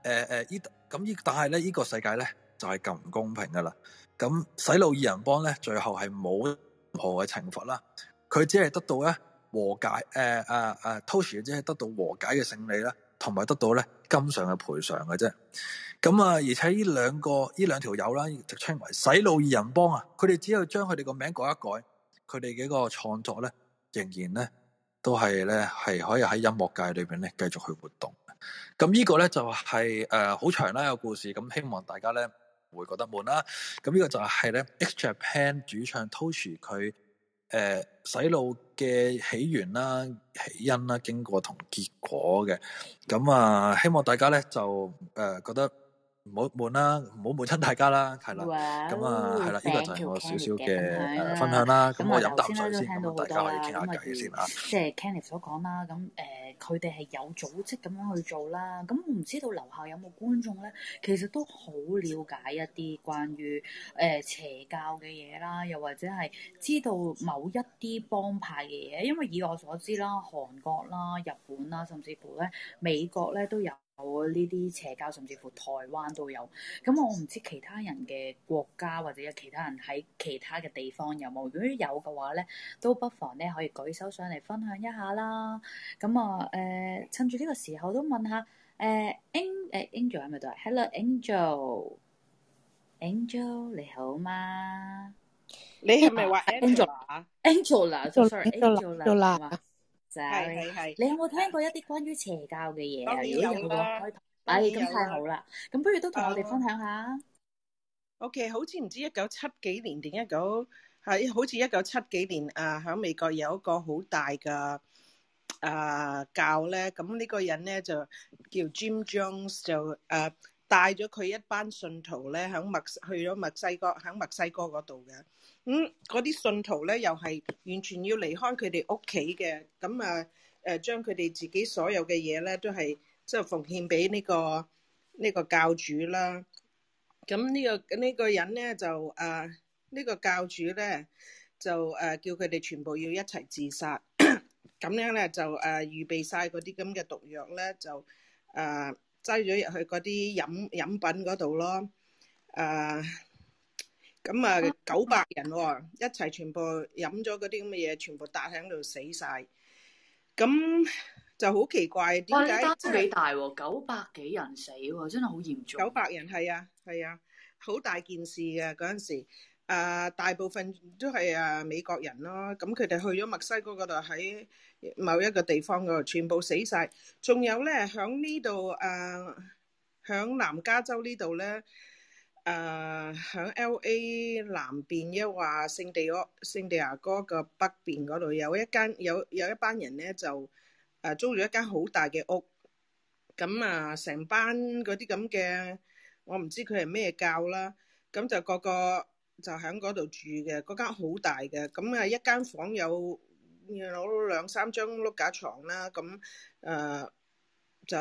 呃、誒，依咁依，但係咧呢、這個世界咧就係咁唔公平噶啦。咁洗腦二人幫咧，最後係冇任何嘅懲罰啦，佢只係得到咧和解，誒誒誒，Toshi 只係得到和解嘅、呃啊啊、勝利啦，同埋得到咧金上嘅賠償嘅啫。咁啊，而且兩兩呢兩個呢兩條友啦，直稱為洗腦二人幫啊，佢哋只有將佢哋個名改一改，佢哋幾個創作咧仍然咧都係咧係可以喺音樂界裏邊咧繼續去活動。咁呢、就是呃、個咧就係誒好長啦個故事，咁希望大家咧，會覺得悶啦，咁呢個就係咧。X Japan 主唱 Toshi 佢誒、呃、洗腦嘅起源啦、起因啦、經過同結果嘅，咁啊希望大家咧就誒、呃、覺得唔好悶啦，唔好悶親大家啦，係啦，咁、哦、啊係啦，呢了個就係我少少嘅分享啦。咁我飲啖水先，咁大家可以傾下偈先啦。即係 Canny 所講啦，咁、呃、誒。佢哋係有組織咁樣去做啦，咁唔知道樓下有冇觀眾呢？其實都好了解一啲關於誒、呃、邪教嘅嘢啦，又或者係知道某一啲幫派嘅嘢，因為以我所知啦，韓國啦、日本啦，甚至乎呢美國呢都有。我呢啲邪教，甚至乎台灣都有。咁我唔知其他人嘅國家或者有其他人喺其他嘅地方有冇？如果有嘅話咧，都不妨咧可以舉手上嚟分享一下啦。咁啊，誒、呃、趁住呢個時候都問下誒、呃、Angel 係咪喺度？Hello，Angel，Angel 你好嗎？你係咪話 Angel 啊？Angel 啊，sorry，Angel 啊。係係，你有冇聽過一啲關於邪教嘅嘢啊？咁好啦，係咁、哎、太好啦，咁不如都同我哋分享下。Uh, OK，好似唔知一九七幾年定一九喺，19, 好似一九七幾年啊，喺、呃、美國有一個好大嘅啊、呃、教咧，咁呢個人咧就叫 Jim Jones，就誒帶咗佢一班信徒咧，喺墨去咗墨西哥，喺墨西哥嗰度嘅。咁嗰啲信徒咧，又係完全要離開佢哋屋企嘅。咁啊，誒將佢哋自己所有嘅嘢咧，都係即係奉獻俾呢、呢個呢、呢個教主啦。咁呢、呢個呢、呢個人咧，就啊呢、呢個教主咧，就誒、啊、叫佢哋全部要一齊自殺。咁 樣咧就誒、啊、預備晒嗰啲咁嘅毒藥咧，就誒擠咗入去嗰啲飲飲品嗰度咯。誒、啊。咁啊，九百人喎、哦，一齊全部飲咗嗰啲咁嘅嘢，全部搭喺度死晒。咁就好奇怪，點解、就是啊啊？真係幾大喎，九百幾人死喎，真係好嚴重。九百人係啊，係啊，好大件事嘅嗰陣時、啊。大部分都係啊美國人咯。咁佢哋去咗墨西哥嗰度喺某一個地方度，全部死晒。仲有咧，喺呢度誒，喺、啊、南加州呢度咧。誒，響、呃、L.A. 南邊一話聖地哥聖地亞哥個北邊嗰度，有一間有有一班人咧就誒租住一間好大嘅屋，咁啊成班嗰啲咁嘅，我唔知佢係咩教啦，咁、嗯、就個個就喺嗰度住嘅，嗰間好大嘅，咁、嗯、啊一間房有有兩三張碌架床啦，咁、嗯、誒、呃、就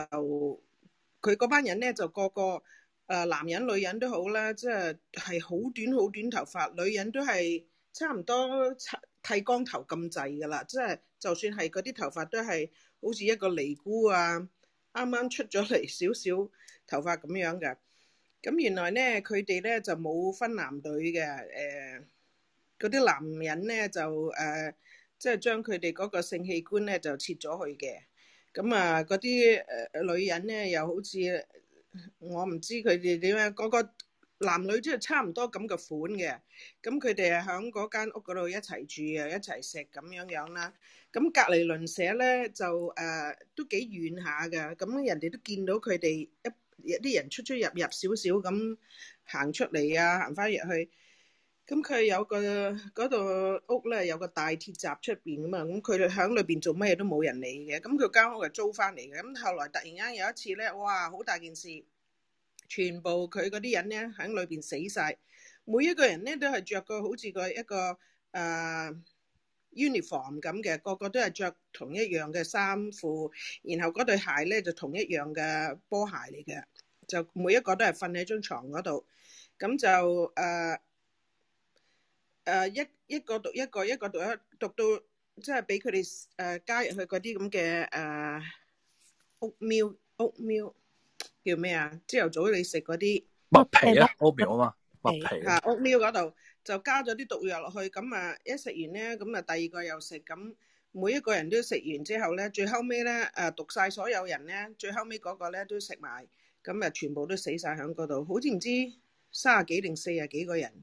佢嗰班人咧就個個。誒、呃、男人女人都好啦，即係係好短好短的頭髮，女人都係差唔多剃光頭咁滯㗎喇，即係就算係嗰啲頭髮都係好似一個尼姑啊，啱啱出咗嚟少少頭髮咁樣嘅。咁原來咧佢哋咧就冇分男女嘅，誒嗰啲男人咧就誒即係將佢哋嗰個性器官咧就切咗去嘅。咁啊嗰啲誒女人咧又好似～我唔知佢哋點樣，個、嗰個男女即係差唔多咁嘅款嘅，咁佢哋係響嗰間屋嗰度一齊住啊，一齊食咁樣樣啦。咁隔籬鄰舍咧就誒、呃、都幾遠下嘅。咁人哋都見到佢哋一啲人出出入入少少咁行出嚟啊，行翻入去。咁佢有個嗰度、那個、屋咧，有個大鐵閘出邊啊嘛。咁佢哋喺裏邊做乜嘢都冇人理嘅。咁佢間屋係租翻嚟嘅。咁後來突然間有一次咧，哇！好大件事，全部佢嗰啲人咧喺裏邊死晒。每一個人咧都係着個好似個一個誒 uniform 咁嘅，個、呃、個都係着同一樣嘅衫褲，然後嗰對鞋咧就同一樣嘅波鞋嚟嘅，就每一個都係瞓喺張床嗰度，咁就誒。呃誒，一一個毒一個，一個讀一讀到，即係俾佢哋誒加入去嗰啲咁嘅誒屋廟屋廟叫咩啊？朝頭早你食嗰啲麥皮啊，屋廟啊嘛，麥皮啊屋廟嗰度就加咗啲毒藥落去，咁啊一食完咧，咁啊第二個又食，咁每一個人都食完之後咧，最後尾咧誒毒晒所有人咧，最後尾嗰個咧都食埋，咁啊全部都死晒響嗰度，好似唔知三啊幾定四啊幾個人。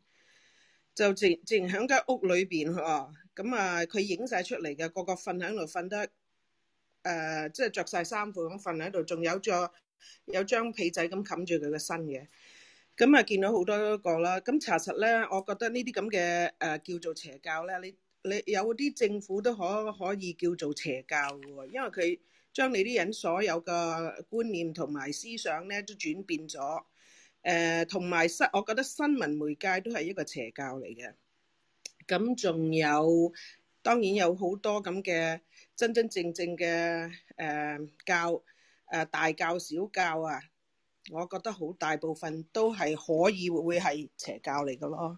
就直直喺間屋裏面裏邊哦，咁啊佢影晒出嚟嘅，個個瞓喺度瞓得，誒即係着晒衫褲咁瞓喺度，仲、就是、有座有張被仔咁冚住佢個身嘅，咁啊見到好多個啦。咁查實咧，我覺得呢啲咁嘅誒叫做邪教咧，你你有啲政府都可以可以叫做邪教嘅，因為佢將你啲人所有嘅觀念同埋思想咧都轉變咗。誒同埋新，呃、我覺得新聞媒介都係一個邪教嚟嘅。咁仲有，當然有好多咁嘅真真正正嘅誒、呃、教，誒、呃、大教小教啊，我覺得好大部分都係可以會係邪教嚟嘅咯。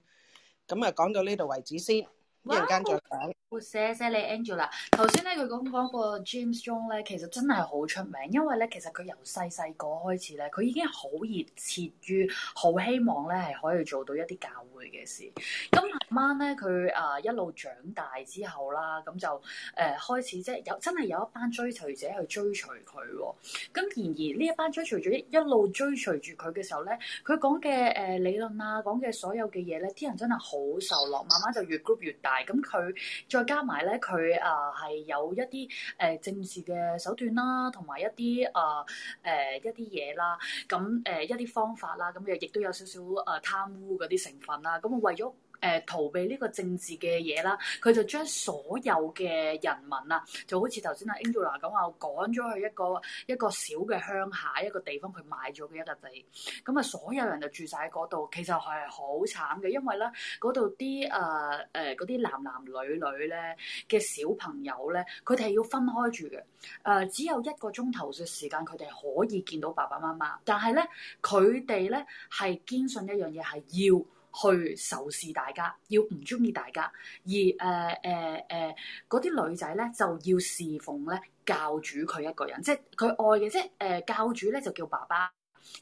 咁啊，講到呢度為止先，一陣間再講。Wow! 謝謝、哦、你 Angela，頭先咧佢咁講個 James Strong 咧，其實真係好出名，因為咧其實佢由細細個開始咧，佢已經好熱切於好希望咧係可以做到一啲教會嘅事。咁、嗯、慢慢咧佢誒一路長大之後啦，咁、嗯、就誒、呃、開始即係有真係有一班追隨者去追隨佢、哦。咁、嗯、然而呢一班追隨者一路追隨住佢嘅時候咧，佢講嘅誒理論啊，講嘅所有嘅嘢咧，啲人真係好受落，慢慢就越 group 越大。咁、嗯、佢再加埋咧，佢誒係有一啲誒、呃、政治嘅手段啦，同埋一啲誒誒一啲嘢啦，咁誒、呃、一啲方法啦，咁又亦都有一些少少誒貪污嗰啲成分啦，咁啊為咗。誒逃避呢個政治嘅嘢啦，佢就將所有嘅人民啊，就好似頭先阿 Angela 咁話，趕咗去一個一個小嘅鄉下一個地方佢買咗嘅一笪地，咁啊所有人就住晒喺嗰度，其實係好慘嘅，因為咧嗰度啲誒嗰啲男男女女咧嘅小朋友咧，佢哋係要分開住嘅，誒、呃、只有一個鐘頭嘅時間，佢哋可以見到爸爸媽媽，但係咧佢哋咧係堅信一樣嘢係要。去仇視大家，要唔鍾意大家，而誒誒誒，嗰、呃、啲、呃呃、女仔咧就要侍奉咧教主佢一個人，即係佢愛嘅，即係誒、呃、教主咧就叫爸爸，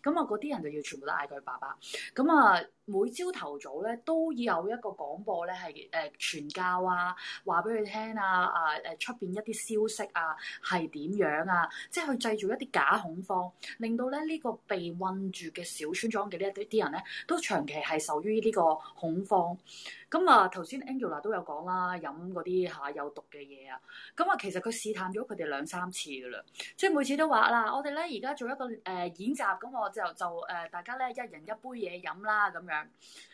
咁啊嗰啲人就要全部都嗌佢爸爸，咁啊。每朝頭早咧都有一個廣播咧係誒傳教啊，話俾佢聽啊啊誒出邊一啲消息啊係點樣啊，即係去製造一啲假恐慌，令到咧呢個被困住嘅小村莊嘅呢一啲啲人咧都長期係受於呢個恐慌。咁啊頭先 Angela 都有講啦，飲嗰啲吓有毒嘅嘢啊。咁啊其實佢試探咗佢哋兩三次噶啦，即係每次都話啦，我哋咧而家做一個誒演習，咁我就就誒大家咧一人一杯嘢飲啦咁樣。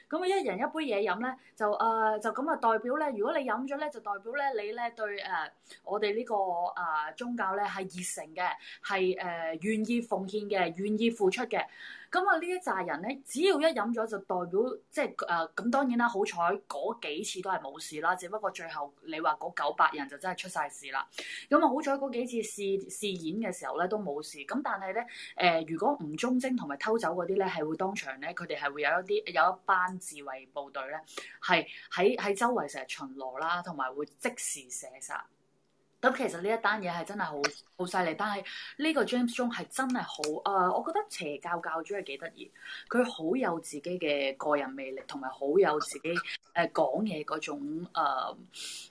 咁啊，一人一杯嘢飲咧，就誒、呃，就咁啊，代表咧，如果你飲咗咧，就代表咧，你咧對誒、呃，我哋呢個誒、呃、宗教咧，係熱誠嘅，係誒願意奉獻嘅，願意付出嘅。咁啊，一呢一紮人咧，只要一飲咗就代表即係誒咁。呃、當然啦，好彩嗰幾次都係冇事啦，只不過最後你話嗰九百人就真係出晒事啦。咁、嗯、啊，好彩嗰幾次試試演嘅時候咧都冇事。咁但係咧、呃、如果唔忠貞同埋偷走嗰啲咧，係會當場咧，佢哋係會有一啲有一班自衞部隊咧，係喺喺周圍成日巡邏啦，同埋會即時射殺。咁其實呢一單嘢係真係好好犀利，但係呢個 James 中係真係好，誒，我覺得邪教教主係幾得意，佢好有自己嘅個人魅力，同埋好有自己誒講嘢嗰種誒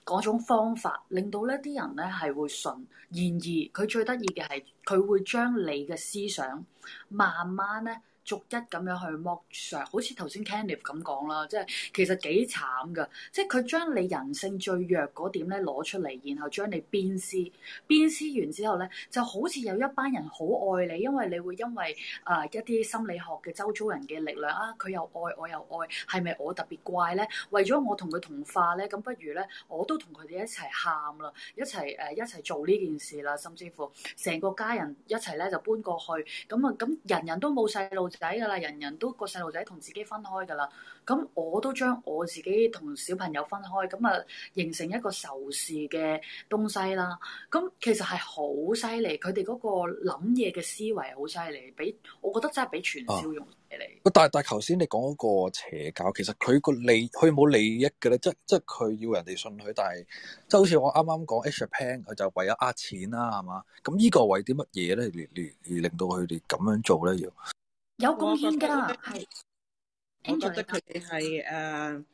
嗰種方法，令到呢啲人咧係會信。然而佢最得意嘅係佢會將你嘅思想慢慢咧。逐一咁樣去剝削，好似頭先 Kenneth 咁講啦，即係其實幾慘噶，即係佢將你人性最弱嗰點咧攞出嚟，然後將你鞭屍，鞭屍完之後咧，就好似有一班人好愛你，因為你會因為誒、呃、一啲心理學嘅周遭人嘅力量啊，佢又愛我又愛，係咪我特別怪咧？為咗我同佢同化咧，咁不如咧，我都同佢哋一齊喊啦，一齊誒、呃、一齊做呢件事啦，甚至乎成個家人一齊咧就搬過去，咁啊咁人人都冇細路。仔噶啦，人人都個細路仔同自己分開噶啦。咁我都將我自己同小朋友分開，咁啊形成一個仇視嘅東西啦。咁其實係好犀利，佢哋嗰個諗嘢嘅思維好犀利，比我覺得真係比全少用。犀利、啊。但係但係頭先你講嗰個邪教，其實佢個利佢冇利益嘅咧，即即係佢要人哋信佢，但係即係好似我啱啱講 H. P. N. 佢就為咗呃錢啦，係嘛？咁呢個為啲乜嘢咧？令到佢哋咁樣做咧？要？有貢獻噶，係。我覺得佢哋係誒，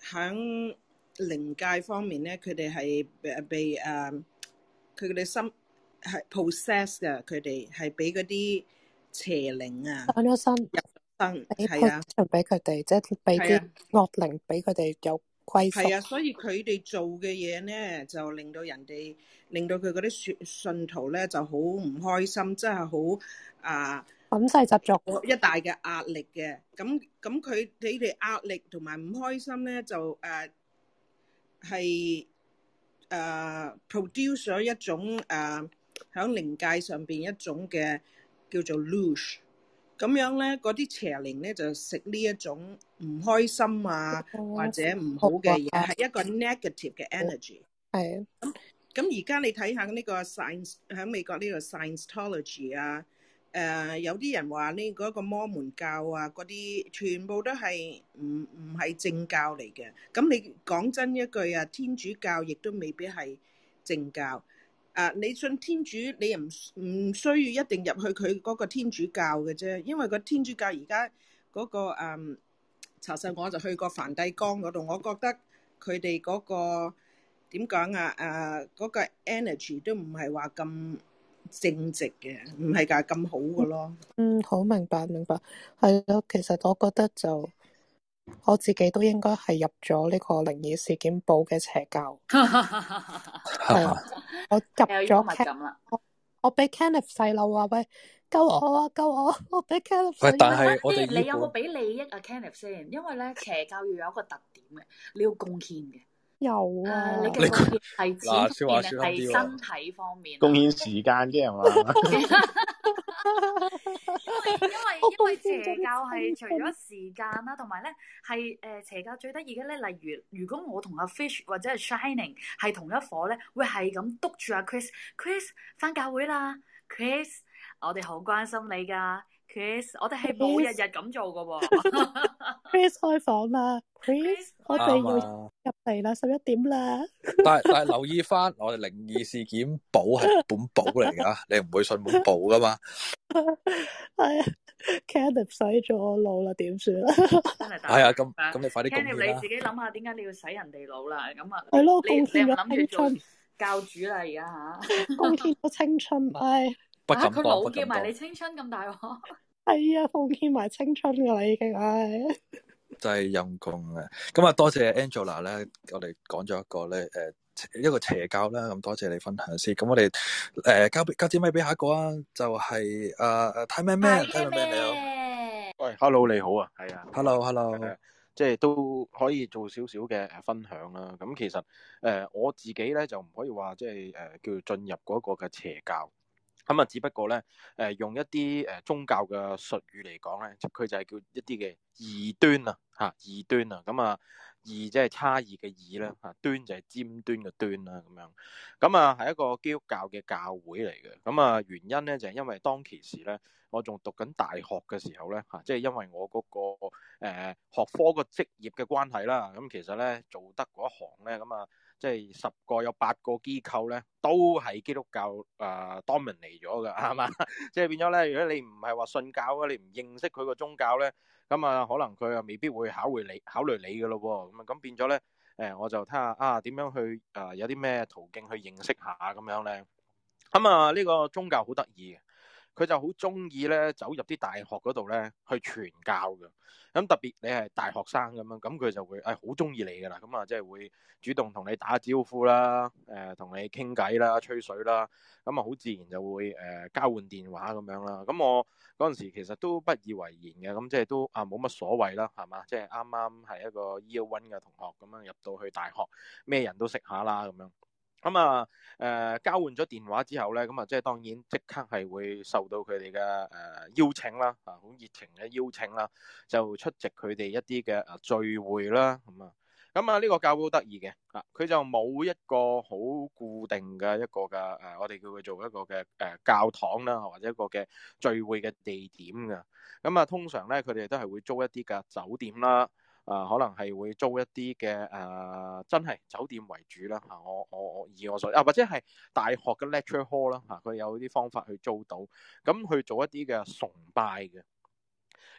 喺靈、uh, 界方面咧，佢哋係誒被誒，佢、uh, 哋心係 possess 嘅，佢哋係俾嗰啲邪靈啊入身，係啊俾佢哋即係俾啲惡靈俾佢哋有歸屬。係啊，所以佢哋做嘅嘢咧，就令到人哋，令到佢嗰啲信信徒咧，就好唔開心，即係好啊。Uh, 本世習俗一大嘅壓力嘅，咁咁佢你哋壓力同埋唔開心咧，就誒係誒 produce 咗一種誒喺、uh, 靈界上邊一種嘅叫做 louche，咁樣咧嗰啲邪靈咧就食呢一種唔開心啊、哦、或者唔好嘅嘢，係、哦、一個 negative 嘅 energy。係咁咁而家你睇下呢個 science 喺美國呢個 Scientology 啊。誒、uh, 有啲人話呢嗰個摩門教啊，嗰啲全部都係唔唔係正教嚟嘅。咁你講真一句啊，天主教亦都未必係正教。誒、uh, 你信天主，你又唔唔需要一定入去佢嗰個天主教嘅啫。因為個天主教而家嗰個嗯、查實我就去過梵蒂岡嗰度，我覺得佢哋嗰個點講啊誒，嗰、uh, 個 energy 都唔係話咁。正直嘅，唔係㗎，咁好嘅咯。嗯，好明白，明白。係咯，其實我覺得就我自己都應該係入咗呢個靈異事件簿嘅邪教。係啊 我入咗 c 咁 p 啦。我我俾 Kenneth 細路話：喂，救我！啊，哦、救我、啊！我俾 Kenneth。喂，但你有冇俾利益啊 ？Kenneth 先，因為咧邪教要有一個特點嘅，你要貢獻嘅。有啊，uh, 你嘅係指係身體方面，貢獻時間，即係嘛？因為因為因為邪教係除咗時間啦，同埋咧係誒邪教最得意嘅咧，例如如果我同阿 Fish 或者係 Shining 係同一夥咧，會係咁督住阿、啊、Chris，Chris 翻教會啦，Chris，我哋好關心你噶。Chris，我哋係冇日日咁做噶喎。Chris? Chris 開房啦，Chris，, Chris? 我哋要入嚟啦，十一吧點啦 。但係但係留意翻，我哋靈異事件簿係本簿嚟噶， 你唔會信本簿噶嘛？係 Kenneth 洗咗腦啦，點算？係 啊、哎，咁咁你快啲 Kenneth 你自己諗下，點解你要洗人哋腦啦？咁啊，係咯，貢獻青春教主啦，而家吓，貢獻咗青春，唉，吓佢冇叫埋你青春咁大喎。哎 哎呀，奉獻埋青春噶啦已經，唉， 就係陰功啊！咁啊，多謝 Angela 咧，我哋講咗一個咧，誒，一個邪教啦。咁多謝你分享先。咁我哋誒、呃、交交支咪俾下一個啊，就係睇咩咩，睇到咩你好，喂，Hello，你好啊，係啊，Hello，Hello，即係都可以做少少嘅誒分享啦、啊。咁其實誒、呃、我自己咧就唔可以話即係誒叫進入嗰個嘅邪教。咁啊，只不過咧，誒用一啲誒宗教嘅術語嚟講咧，佢就係叫一啲嘅異端啊，嚇異端啊，咁啊，異即係差異嘅異啦，嚇端就係尖端嘅端啦，咁樣。咁啊，係一個基督教嘅教會嚟嘅。咁啊，原因咧就係因為當其時咧，我仲讀緊大學嘅時候咧，嚇即係因為我嗰個誒學科個職業嘅關係啦。咁其實咧，做得嗰行咧，咁啊。即係十個有八個機構咧，都係基督教誒 dominate 嚟咗噶，係嘛？即係變咗咧，如果你唔係話信教啊，你唔認識佢個宗教咧，咁啊，可能佢又未必會考慮你考慮你噶咯，咁啊，咁變咗咧，誒，我就睇下啊，點樣去誒，有啲咩途徑去認識下咁樣咧？咁啊，呢個宗教好得意嘅。佢就好中意咧走入啲大學嗰度咧去傳教嘅，咁特別你係大學生咁樣，咁佢就會誒好中意你噶啦，咁啊即係會主動同你打招呼啦，誒同你傾偈啦，吹水啦，咁啊好自然就會誒交換電話咁樣啦。咁我嗰陣時其實都不以為然嘅，咁即係都啊冇乜所謂啦，係嘛？即係啱啱係一個 Year One 嘅同學咁樣入到去大學，咩人都識下啦咁樣。咁啊，誒、嗯呃、交換咗電話之後咧，咁、嗯、啊，即係當然即刻係會受到佢哋嘅誒邀請啦，啊，好熱情嘅邀請啦，就出席佢哋一啲嘅誒聚會啦。咁、嗯、啊，咁、嗯、啊，呢、嗯、這個教會得意嘅，啊，佢就冇一個好固定嘅一個嘅誒，我哋叫佢做一個嘅誒教堂啦，或者一個嘅聚會嘅地點㗎。咁、嗯、啊、嗯，通常咧，佢哋都係會租一啲嘅酒店啦。啊，可能係會租一啲嘅誒，真係酒店為主啦嚇。我我我以我所啊，或者係大學嘅 lecture hall 啦、啊、嚇，佢有啲方法去租到，咁、嗯、去做一啲嘅崇拜嘅。咁、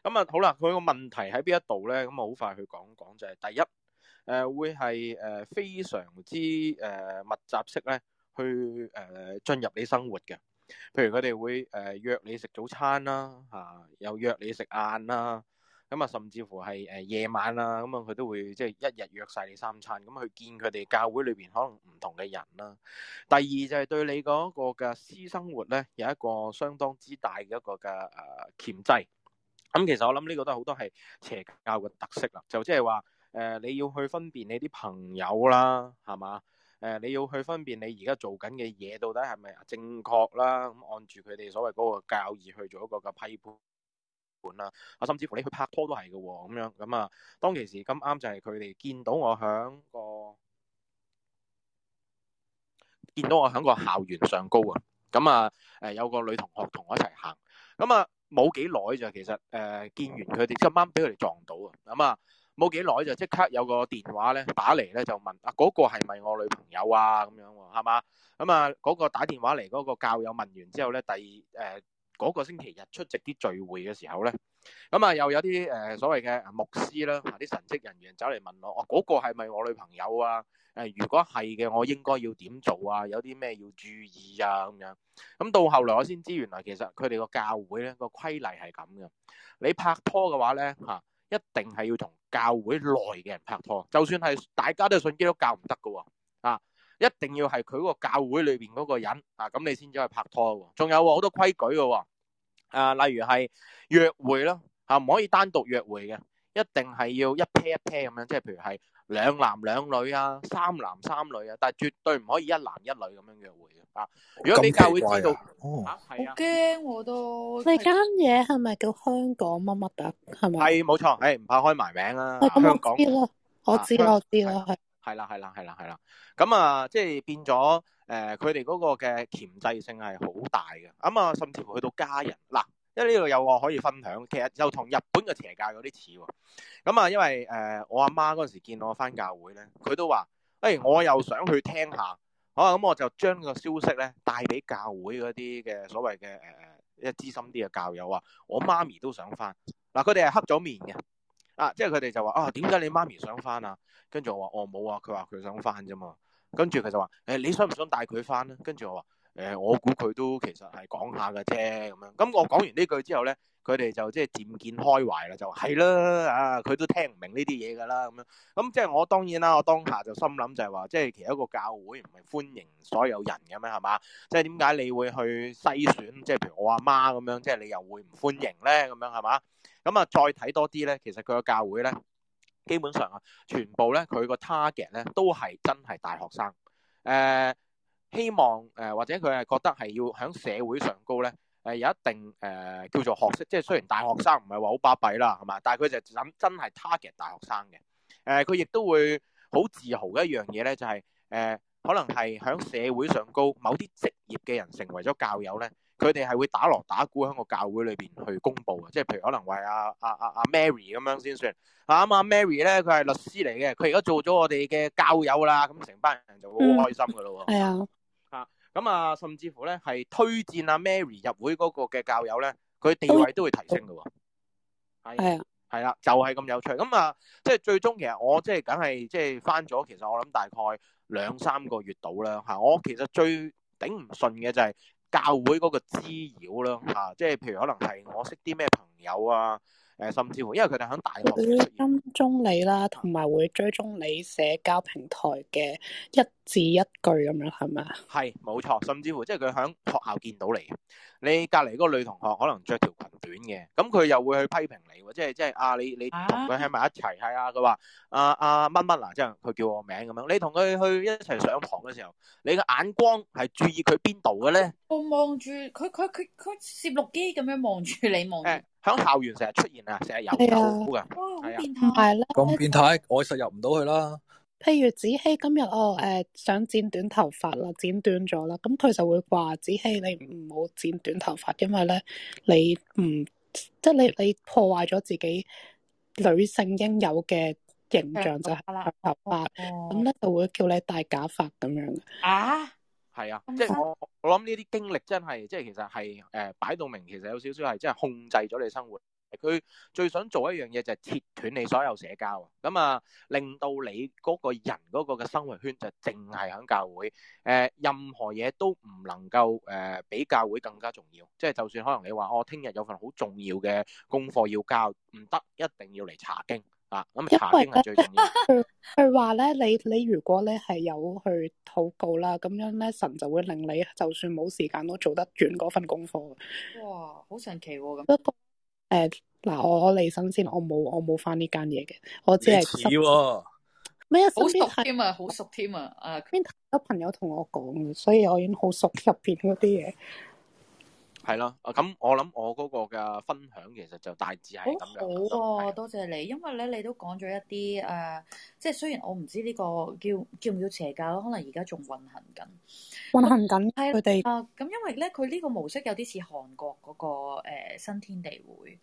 嗯、啊好啦，佢個問題喺邊一度咧？咁啊好快去講講就係、是、第一，誒、呃、會係誒非常之誒、呃、密集式咧，去誒進、呃、入你生活嘅。譬如佢哋會誒、呃、約你食早餐啦，嚇、啊、又約你食晏啦。啊咁啊，甚至乎係誒夜晚啦，咁啊佢都會即係一日約晒，你三餐，咁去見佢哋教會裏邊可能唔同嘅人啦。第二就係對你嗰個嘅私生活咧，有一個相當之大嘅一個嘅誒鉗制。咁其實我諗呢個都好多係邪教嘅特色啦，就即係話誒你要去分辨你啲朋友啦，係嘛？誒、呃、你要去分辨你而家做緊嘅嘢到底係咪正確啦？咁按住佢哋所謂嗰個教義去做一個嘅批判。本啦，啊，甚至乎你去拍拖都係噶，咁樣咁啊，當其時咁啱就係佢哋見到我響個見到我響個校園上高啊，咁啊，誒有個女同學同我一齊行，咁啊冇幾耐就其實誒、呃、見完佢哋，即係啱俾佢哋撞到啊，咁啊冇幾耐就即刻有個電話咧打嚟咧就問啊嗰、嗰個係咪我女朋友啊咁樣喎，係嘛，咁啊嗰個打電話嚟嗰個教友問完之後咧，第二誒。呃嗰個星期日出席啲聚會嘅時候咧，咁啊又有啲誒所謂嘅牧師啦，啲神職人員走嚟問我，哦，嗰個係咪我女朋友啊？誒，如果係嘅，我應該要點做啊？有啲咩要注意啊？咁樣，咁到後來我先知，原來其實佢哋個教會咧個規例係咁嘅，你拍拖嘅話咧嚇，一定係要同教會內嘅人拍拖，就算係大家都信基督教唔得㗎喎啊！一定要係佢嗰個教會裏邊嗰個人啊，咁你先至去拍拖。仲有好多規矩嘅，啊，例如係約會咯，吓唔可以單獨約會嘅，一定係要一 pair 一 pair 咁樣，即係譬如係兩男兩女啊，三男三女啊，但係絕對唔可以一男一女咁樣約會嘅啊。如果你教會知道，吓、啊，好、哦、驚、啊、我都。你間嘢係咪叫香港乜乜啊？係咪的？係冇錯，誒，唔怕開埋名啦。我香港啲咯，我知道是我知啦，係是。係啦，係啦，係啦，係啦。咁啊、呃，即係變咗誒，佢哋嗰個嘅鉗制性係好大嘅。咁啊，甚至乎去到家人嗱，因為呢度有我可以分享，其實又同日本嘅邪教有啲似喎。咁啊，因為誒、呃、我阿媽嗰陣時見我返教會咧，佢都話，誒、欸、我又想去聽下。好啊，咁、嗯、我就將個消息咧帶俾教會嗰啲嘅所謂嘅誒誒一資深啲嘅教友啊，我媽咪都想返。嗱，佢哋係黑咗面嘅。啊！即係佢哋就話啊，點解你媽咪想翻、哦、啊？跟住我話我冇啊，佢話佢想翻啫嘛。跟住佢就話誒，你想唔想帶佢翻咧？跟住我話誒、欸，我估佢都其實係講下嘅啫咁樣。咁、嗯、我講完呢句之後咧，佢哋就即係漸漸開懷說啦，就話係啦啊，佢都聽唔明呢啲嘢㗎啦咁樣。咁、嗯、即係我當然啦，我當下就心諗就係話，即係其實一個教會唔係歡迎所有人嘅咩係嘛？即係點解你會去篩選？即係譬如我阿媽咁樣，即係你又會唔歡迎咧咁樣係嘛？咁啊，再睇多啲咧，其實佢個教會咧，基本上啊，全部咧佢個 target 咧都係真係大學生。誒、呃，希望誒、呃、或者佢係覺得係要喺社會上高咧，誒、呃、有一定誒、呃、叫做學識，即係雖然大學生唔係話好巴閉啦，係嘛，但係佢就諗真係 target 大學生嘅。誒、呃，佢亦都會好自豪嘅一樣嘢咧，就係誒可能係喺社會上高某啲職業嘅人成為咗教友咧。佢哋係會打鑼打鼓喺個教會裏邊去公布嘅，即係譬如可能話阿阿阿阿 Mary 咁樣先算啊。阿、啊啊啊、Mary 咧，佢、啊、係、啊、律師嚟嘅，佢而家做咗我哋嘅教友啦，咁成班人就會好開心噶咯。係、嗯、啊，嚇咁啊，啊，甚至乎咧係推薦阿、啊、Mary 入會嗰個嘅教友咧，佢地位都會提升噶喎。係、嗯、啊，係啦的、啊，就係、是、咁有趣。咁啊，即係最終其實我即係梗係即係返咗，其實我諗大概兩三個月到啦。嚇、啊，我其實最頂唔順嘅就係、是。教會嗰個滋擾啦，吓，啊，即係譬如可能係我識啲咩朋友啊。誒，甚至乎，因為佢哋響大學，會跟蹤你啦，同埋會追蹤你社交平台嘅一字一句咁樣，係咪啊？係，冇錯，甚至乎，即係佢響學校見到你，你隔籬嗰個女同學可能着條裙短嘅，咁佢又會去批評你，即係即係啊，你你同佢喺埋一齊，係啊，佢話啊阿乜乜嗱，即係佢叫我名咁樣，你同佢去一齊上堂嘅時候，你嘅眼光係注意佢邊度嘅咧？我望住佢，佢佢佢攝錄機咁樣望住你望。喺校園成日出現是啊，成日有到去噶，咁變態啦！咁變態，我實入唔到去啦。譬如子希今日哦，誒、呃，想剪短頭髮啦，剪短咗啦，咁佢就會話：子希你唔好剪短頭髮，因為咧你唔即係你你破壞咗自己女性應有嘅形象、啊、就係頭髮，咁咧、啊、就會叫你戴假髮咁樣。啊！係啊，即係我我諗呢啲經歷真係，即係其實係誒擺到明，其實有少少係即係控制咗你生活。佢最想做一樣嘢就係切斷你所有社交啊，咁啊令到你嗰個人嗰個嘅生活圈就淨係喺教會誒，任何嘢都唔能夠誒比教會更加重要。即係就算可能你話我聽日有份好重要嘅功課要交，唔得，一定要嚟查經。啊，咁查經係最重要。佢話咧，你你如果咧係有去禱告啦，咁樣咧神就會令你就算冇時間都做得完嗰份功課。哇，好神奇咁、哦。不過誒，嗱、uh，我離身先，我冇我冇返呢間嘢嘅，我只係。要！似。咩啊？好熟添啊，好熟添啊。啊，邊太多朋友同我講，所以我已經好熟入邊嗰啲嘢。 係咯，啊咁我諗我嗰個嘅分享其實就大致係咁樣的。好、啊，的多謝你，因為咧你都講咗一啲誒、呃，即係雖然我唔知呢個叫叫唔叫邪教咯，可能而家仲運行緊。運行緊佢哋。啊那，咁們因為咧佢呢個模式有啲似韓國嗰、那個誒、呃、新天地會，誒、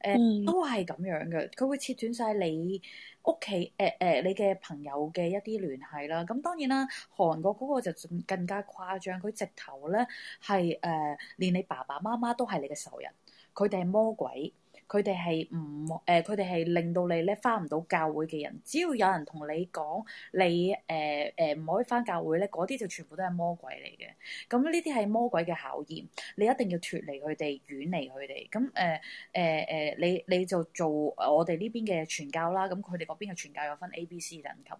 呃、都係咁樣嘅，佢會切斷晒你屋企誒誒你嘅朋友嘅一啲聯繫啦。咁當然啦，韓國嗰個就更加誇張，佢直頭咧係誒連你爸爸。爸爸媽媽都係你嘅仇人，佢哋係魔鬼，佢哋係唔誒，佢哋係令到你咧翻唔到教會嘅人。只要有人同你講你誒誒唔可以翻教會咧，嗰啲就全部都係魔鬼嚟嘅。咁呢啲係魔鬼嘅考驗，你一定要脫離佢哋，遠離佢哋。咁誒誒誒，你你就做我哋呢邊嘅傳教啦。咁佢哋嗰邊嘅傳教有分 A、B、C 等級。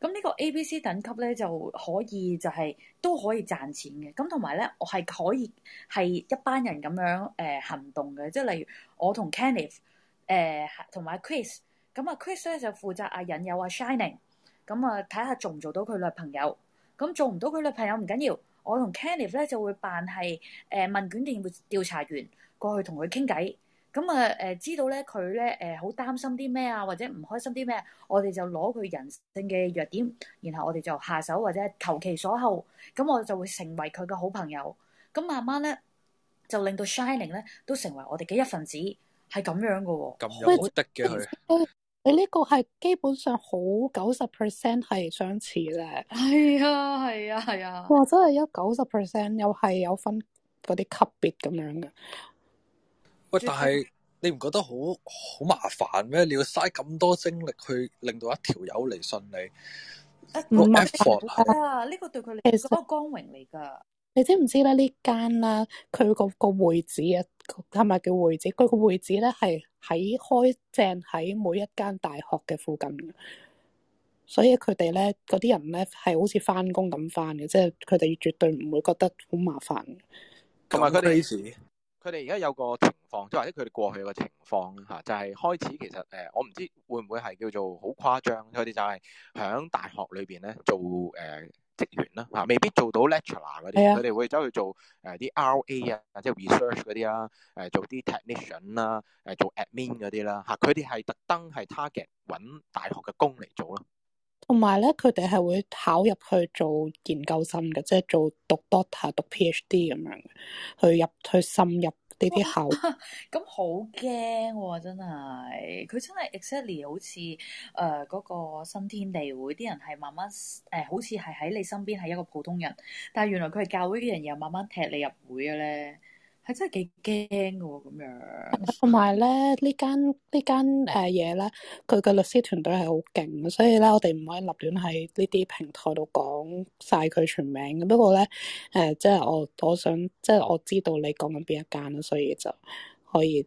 咁呢個 A、B、C 等級咧就可以就係、是、都可以賺錢嘅，咁同埋咧我係可以係一班人咁樣誒、呃、行動嘅，即係例如我同 Kenneth 誒、呃、同埋 Chris，咁啊 Chris 咧就負責啊引誘啊 Shining，咁啊睇下做唔做到佢女朋友，咁做唔到佢女朋友唔緊要，我同 Kenneth 咧就會扮係誒、呃、問卷定調查員過去同佢傾偈。咁啊，誒，知道咧佢咧誒，好擔心啲咩啊，或者唔開心啲咩，我哋就攞佢人性嘅弱點，然後我哋就下手或者求其所好，咁我就會成為佢嘅好朋友。咁慢慢咧就令到 Shining 咧都成為我哋嘅一份子，係咁樣喎。咁好得嘅佢，哋你呢個係基本上好九十 percent 係相似咧。係啊，係啊，係啊。哇、啊，真係有九十 percent 又係有分嗰啲級別咁樣嘅。喂，但係你唔覺得好好麻煩咩？你要嘥咁多精力去令到一條友嚟信你，個 effort 啊，呢個對佢嚟講都光榮嚟噶。你知唔知咧？呢間啦，佢嗰個會址啊，係咪叫會址，佢個會址咧係喺開正喺每一間大學嘅附近，所以佢哋咧嗰啲人咧係好似翻工咁翻嘅，即係佢哋絕對唔會覺得好麻煩，同埋佢哋。佢哋而家有個情況，即或者佢哋過去個情況啦就係、是、開始其實誒，我唔知會唔會係叫做好誇張，佢哋就係喺大學裏邊咧做誒、呃、職員啦嚇、啊，未必做到 lecturer 嗰啲，佢哋 Yeah. 會走去做誒啲 RA 啊，即係 research 嗰啲啦，誒、啊、做啲 technician 啦、啊，誒做 admin 嗰啲啦嚇，佢、啊、哋係特登係 target 揾大學嘅工嚟做咯。同埋咧，佢哋係會考入去做研究生嘅，即係做讀 Doctor、讀 PhD 咁樣，去入去深入呢啲校。咁好驚喎、哦，真係佢真係 exactly 好似誒嗰個新天地會啲人係慢慢誒、呃，好似係喺你身邊係一個普通人，但係原來佢係教會嘅人，又慢慢踢你入會嘅咧。真係幾驚嘅喎，咁樣。同埋咧，呢間呢間呃、呢間呢嘢咧，佢嘅律師團隊係好勁，所以咧我哋唔可以立亂喺呢啲平台度講晒佢全名嘅。不過咧、呃，即係我我想即係我知道你講緊邊一間啦，所以就可以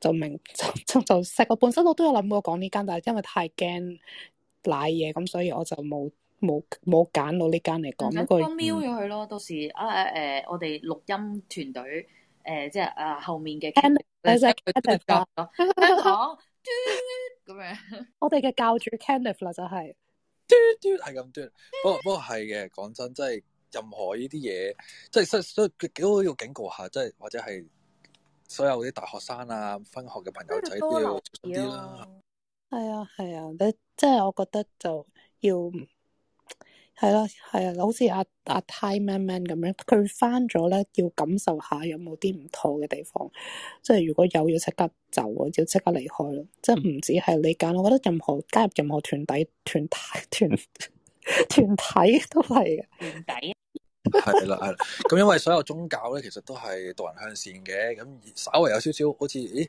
就明就就就識，我本身我都有諗過講呢間，但係因為太驚瀨嘢咁，所以我就冇冇冇揀到呢間嚟講。想擝咗佢咯，到時啊誒、啊啊，我哋錄音誒、欸，即係誒、啊，後面嘅 Kenneth 一陣講，一陣講，嘟，咁樣。我哋嘅教主 Kenneth 啦，就係、是，嘟嘟係咁嘟。不過不過係嘅，講真，即係任何呢啲嘢，即係需需幾好要警告下，即係或者係所有啲大學生啊，分學嘅朋友仔都要啲啦。係啊係啊，你即係我覺得就要。係啦，係啊，好似阿阿 Timeman 咁樣，佢翻咗咧，要感受下有冇啲唔妥嘅地方，即係如果有，要即刻走，要即刻離、嗯、即刻離開咯。即係唔止係你揀，我覺得任何加入任何團體、團體、團團體都係團體。係啦， 係啦，咁因為所有宗教咧，其實都係導人向善嘅，咁稍為有少少好似咦。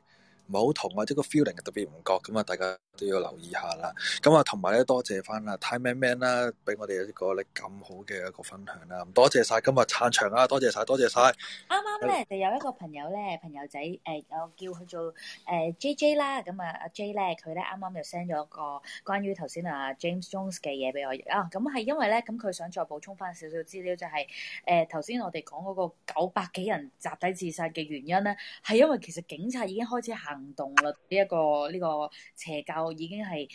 唔係好同啊！即、係個 feeling 特別唔覺，咁啊，大家都要留意一下啦。咁啊，同埋咧，多謝翻啦，Time Man Man 啦，俾我哋一個你咁好嘅一個分享啦。咁多謝晒，今日撐場啊，多謝晒，多謝晒，啱啱咧就有一個朋友咧，朋友仔誒、呃、我叫佢做誒、呃、J J 啦。咁啊，阿 J 咧佢咧啱啱又 send 咗一個關於頭先啊 James Jones 嘅嘢俾我。啊，咁係因為咧，咁佢想再補充翻少少資料，就係誒頭先我哋講嗰個九百幾人集體自殺嘅原因咧，係因為其實警察已經開始行行動啦！呢一個呢個邪教已經係誒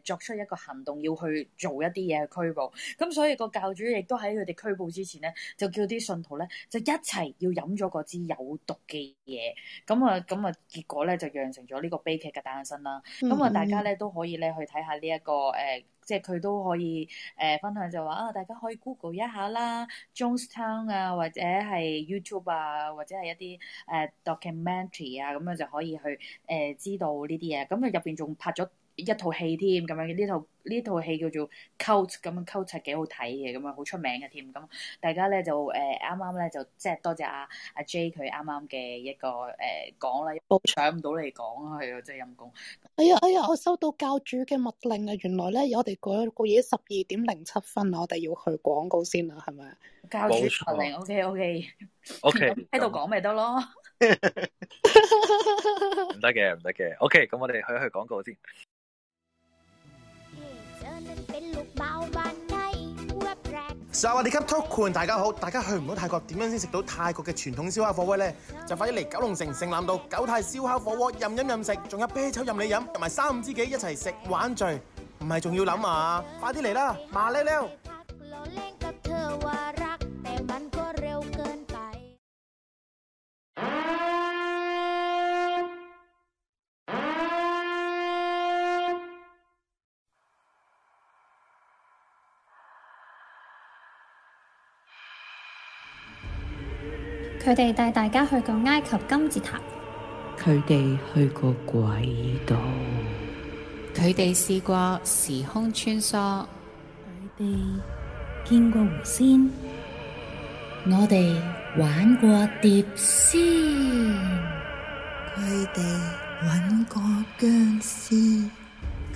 誒作出一個行動，要去做一啲嘢去拘捕。咁所以個教主亦都喺佢哋拘捕之前咧，就叫啲信徒咧就一齊要飲咗嗰支有毒嘅嘢。咁啊咁啊，結果咧就釀成咗呢個悲劇嘅誕生啦。咁啊，大家咧都可以咧去睇下呢一個誒。呃即係佢都可以、呃、分享就話啊，大家可以 Google 一下啦，Jonestown 啊，或者係 YouTube 啊，或者係一啲、呃、documentary 啊，咁樣就可以去、呃、知道呢啲嘢。咁佢入面仲拍咗。一套戲添，咁樣嘅，呢套呢套戲叫做 Cult, Cult 是挺好看的，《Coach》咁樣，《Coach》係幾好睇嘅，咁啊，好出名嘅添咁。大家咧，就誒啱啱咧，就即係多謝阿、啊、阿、啊、J 佢啱啱嘅一個誒、呃、講啦，搶唔到你講係啊，真係陰公。哎呀哎呀，我收到教主嘅密令啊！原來咧，我哋個個嘢十二點零七分，我哋要去廣告先啦，係咪？教主密令錯，OK OK OK，喺度、嗯、講咪得咯。唔得嘅，唔得嘅，OK，咁我哋去一去廣告先。就話你給託盤，大家好，大家去唔到泰國點樣先食到泰國嘅傳統燒烤火鍋呢？就快啲嚟九龍城城南道九泰燒烤火鍋，任飲任食，仲有啤酒任你飲，同埋三五知己一齊食玩聚，唔係仲要諗啊！快啲嚟啦，麻溜溜。佢哋帶大家去過埃及金字塔，佢哋去過鬼島，佢哋試過時空穿梭，佢哋見過狐仙，我哋玩過碟仙，佢哋搵過僵屍，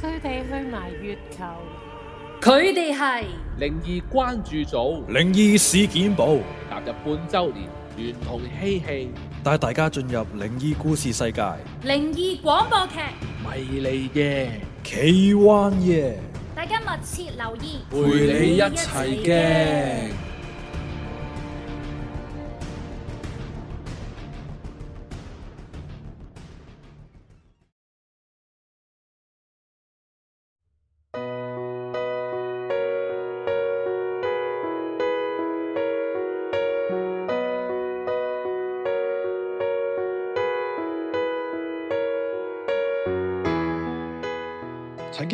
佢哋去埋月球，佢哋係靈異關注組靈異事件簿踏入半周年。協同嬉戲，帶大家進入靈異故事世界。靈異廣播劇，迷離嘅，奇幻嘅，大家密切留意，陪你一齊驚。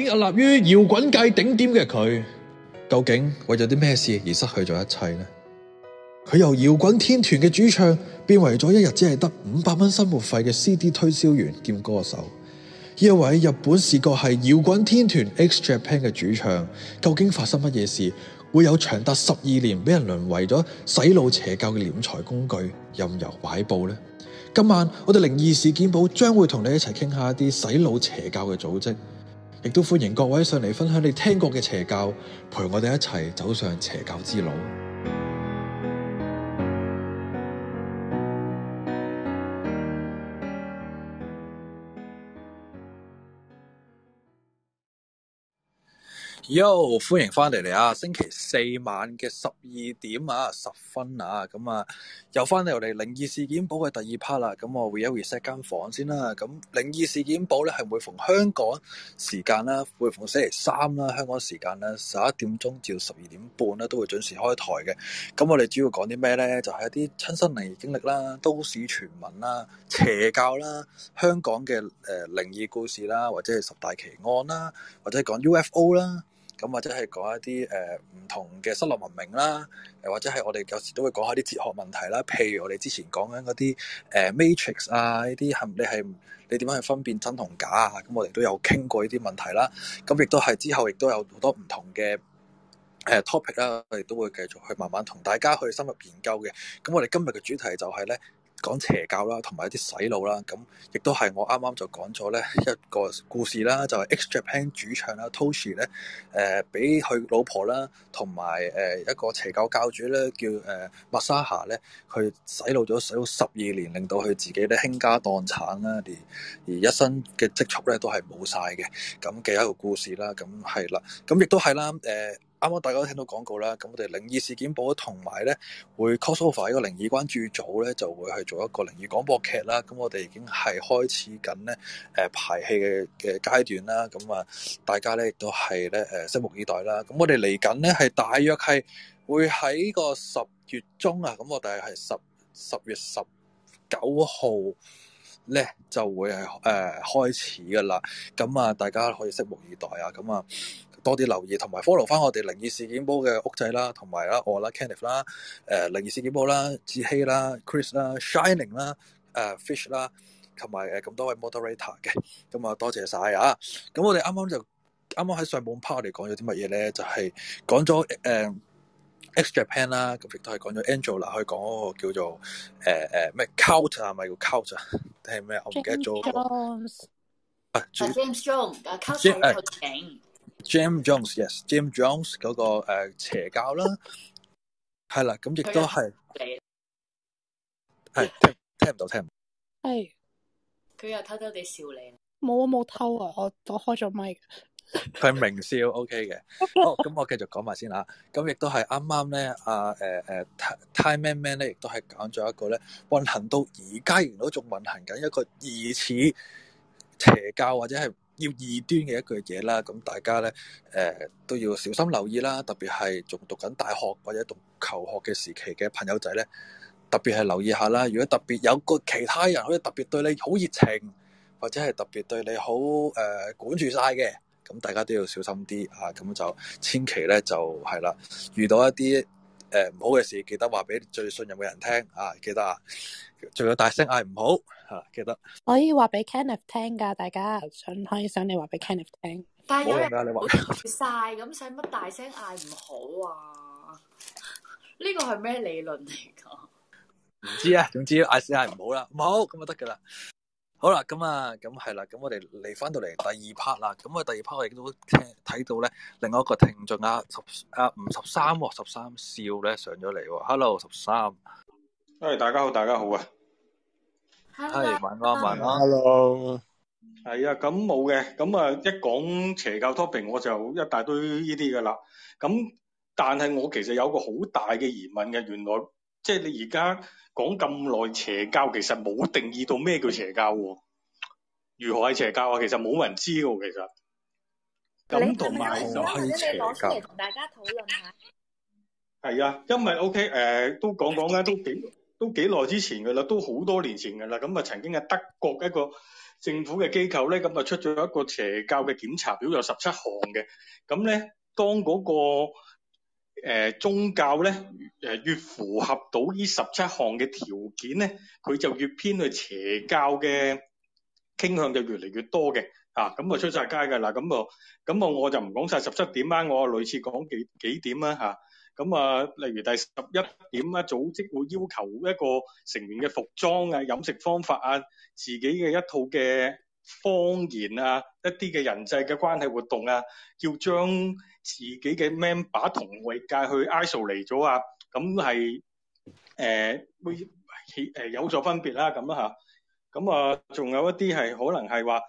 屹立於搖滾界頂點嘅佢，究竟為咗啲咩事而失去咗一切呢？佢由搖滾天團嘅主唱變為咗一日只係得五百蚊生活費嘅 CD 推銷員兼歌手。呢一位日本視覺系搖滾天團 X Japan 嘅主唱，究竟發生乜嘢事，會有長達十二年俾人淪為咗洗腦邪教嘅斂財工具，任由擺佈呢？今晚我哋靈異事件簿將會同你一齊傾下一啲洗腦邪教嘅組織。亦都歡迎各位上嚟分享你聽過嘅邪教，陪我哋一齊走上邪教之路。Yo，歡迎翻嚟嚟啊！星期四晚嘅十二點啊十分啊，咁、嗯、啊，又翻嚟、嗯、我哋、嗯、《靈異事件簿》嘅第二 part 啦。咁我會一會 set 間房先啦。咁《靈異事件簿》咧係每逢香港時間啦，每逢星期三啦，香港時間啦十一點鐘至到十二點半啦都會準時開台嘅。咁、嗯、我哋主要講啲咩咧？就係、是、一啲親身靈異經歷啦、都市傳聞啦、邪教啦、香港嘅誒、呃、靈異故事啦，或者係十大奇案啦，或者係講 UFO 啦。咁或者係講一啲呃、唔同嘅失落文明啦，呃、或者係我哋有時都會講下啲哲學問題啦，譬如我哋之前講緊嗰啲 Matrix 啊呢啲係，你係你點樣去分辨真同假啊？咁我哋都有傾過呢啲問題啦。咁亦都係之後亦都有好多唔同嘅、呃、topic 啦，我哋都會繼續去慢慢同大家去深入研究嘅。咁我哋今日嘅主題就係咧。講邪教啦，同埋一啲洗腦啦，咁亦都係我啱啱就講咗咧一個故事啦，就係、是、X Japan 主唱啦，Toshi 咧，誒俾佢老婆啦，同埋誒一個邪教教主咧，叫誒 Masaha 咧，佢、呃、洗腦咗洗到十二年，令到佢自己咧傾家蕩產啦，而而一生嘅積蓄咧都係冇晒嘅，咁嘅一個故事啦，咁係啦，咁亦都係啦，誒、呃。啱啱大家都聽到廣告啦，咁我哋靈異事件簿呢同埋咧會 crossover 嗰個靈異關注組咧就會去做一個靈異廣播劇啦，咁我哋已經係開始緊咧誒排戲嘅嘅階段啦，咁啊大家咧亦都係咧誒拭目以待啦，咁我哋嚟緊咧係大約係會喺個十月中啊，咁我哋係十十月十九號咧就會係誒、呃、開始噶啦，咁啊大家可以拭目以待啊，咁啊。多啲留意同埋 follow 翻我哋靈異事件簿嘅屋仔啦，同埋啦我啦 Kenneth 啦、呃，誒靈異事件簿啦，志希啦，Chris 啦，Shining 啦、呃，誒 Fish 啦，同埋誒咁多位 moderator 嘅，咁啊多謝晒啊！咁我哋啱啱就啱啱喺上半 part 嚟講咗啲乜嘢咧，就係講咗誒 X Japan 啦，咁亦都係講咗 Angela 去講嗰個叫做誒誒咩 cult 啊，咪叫 cult 啊，係咩 James、啊？我唔記得咗啊 James Jones 啊，cult 係 Jim Jones，yes，Jim Jones 嗰、yes，個邪教啦，係啦， 咁亦都係，係聽唔到，聽唔到，係佢、哎、又偷偷地笑你，冇啊冇偷啊，我開咗麥，係明笑，笑，OK 嘅。好，咁我繼續講埋先嚇，咁亦都係啱啱咧，啊，誒誒 Time Man Man 咧，亦都係講咗一個咧運行到而家仍然都仲運行緊一個疑似邪教或者係。要異端嘅一句嘢啦，咁大家咧，誒、呃、都要小心留意啦。特別係仲讀緊大學或者讀求學嘅時期嘅朋友仔咧，特別係留意下啦。如果特別有個其他人，可以特別對你好熱情，或者係特別對你好誒、呃、管住晒嘅，咁大家都要小心啲啊。咁就千祈咧，就係啦。遇到一啲誒唔好嘅事，記得話俾最信任嘅人聽啊。記得啊，仲有大聲嗌唔好。吓，記得可以話俾 Kenneth 聽噶，大家想可以想你話俾 Kenneth 聽。好嘅你，你話晒咁使乜大聲嗌唔好啊？呢個係咩理論嚟噶？唔知啊，總之嗌聲嗌唔好啦，唔好咁就得噶啦。好啦，咁啊，咁係啦，咁我哋嚟翻到嚟第二 part 啦。咁啊，第二 part 我亦都聽睇到咧，另外一個聽眾啊十啊五十三，十三少、哦、咧上咗嚟。Hello，十三，誒，hey，大家好，大家好啊！係，晚安，晚安。Hello 係啊，咁冇嘅，咁 啊 Hello. 一講邪教 topic，我就一大堆呢啲噶啦。咁但係我其實有個好大嘅疑問嘅，原來即係、就是、你而家講咁耐邪教，其邪教，邪教，其實冇定義到咩叫邪教喎？如何係邪教啊？其實冇人知嘅，其實。咁同埋就係邪教。同大家討論下，係啊，因為 OK，誒、呃，都講講咧，都幾。都幾耐之前噶啦，都好多年前噶啦。咁啊，曾經喺德國一個政府嘅機構咧，咁啊出咗一個邪教嘅檢查表17項的，有十七項嘅。咁咧，當嗰、那個、呃、宗教咧誒越，越符合到這17項的條呢十七項嘅條件咧，佢就越偏去邪教嘅傾向就越嚟越多嘅。啊，咁啊出晒街噶啦，咁啊咁啊我就唔講晒十七點啦，我類似講幾幾點啦嚇。啊咁啊，例如第十一點啊，組織會要求一個成員嘅服裝啊、飲食方法啊、自己嘅一套嘅方言啊、一啲嘅人際嘅關係活動啊，要將自己嘅 member 同外界去 isolate 咗啊，咁係誒會誒有咗分別啦，咁啦嚇。咁啊，仲有一啲係可能係話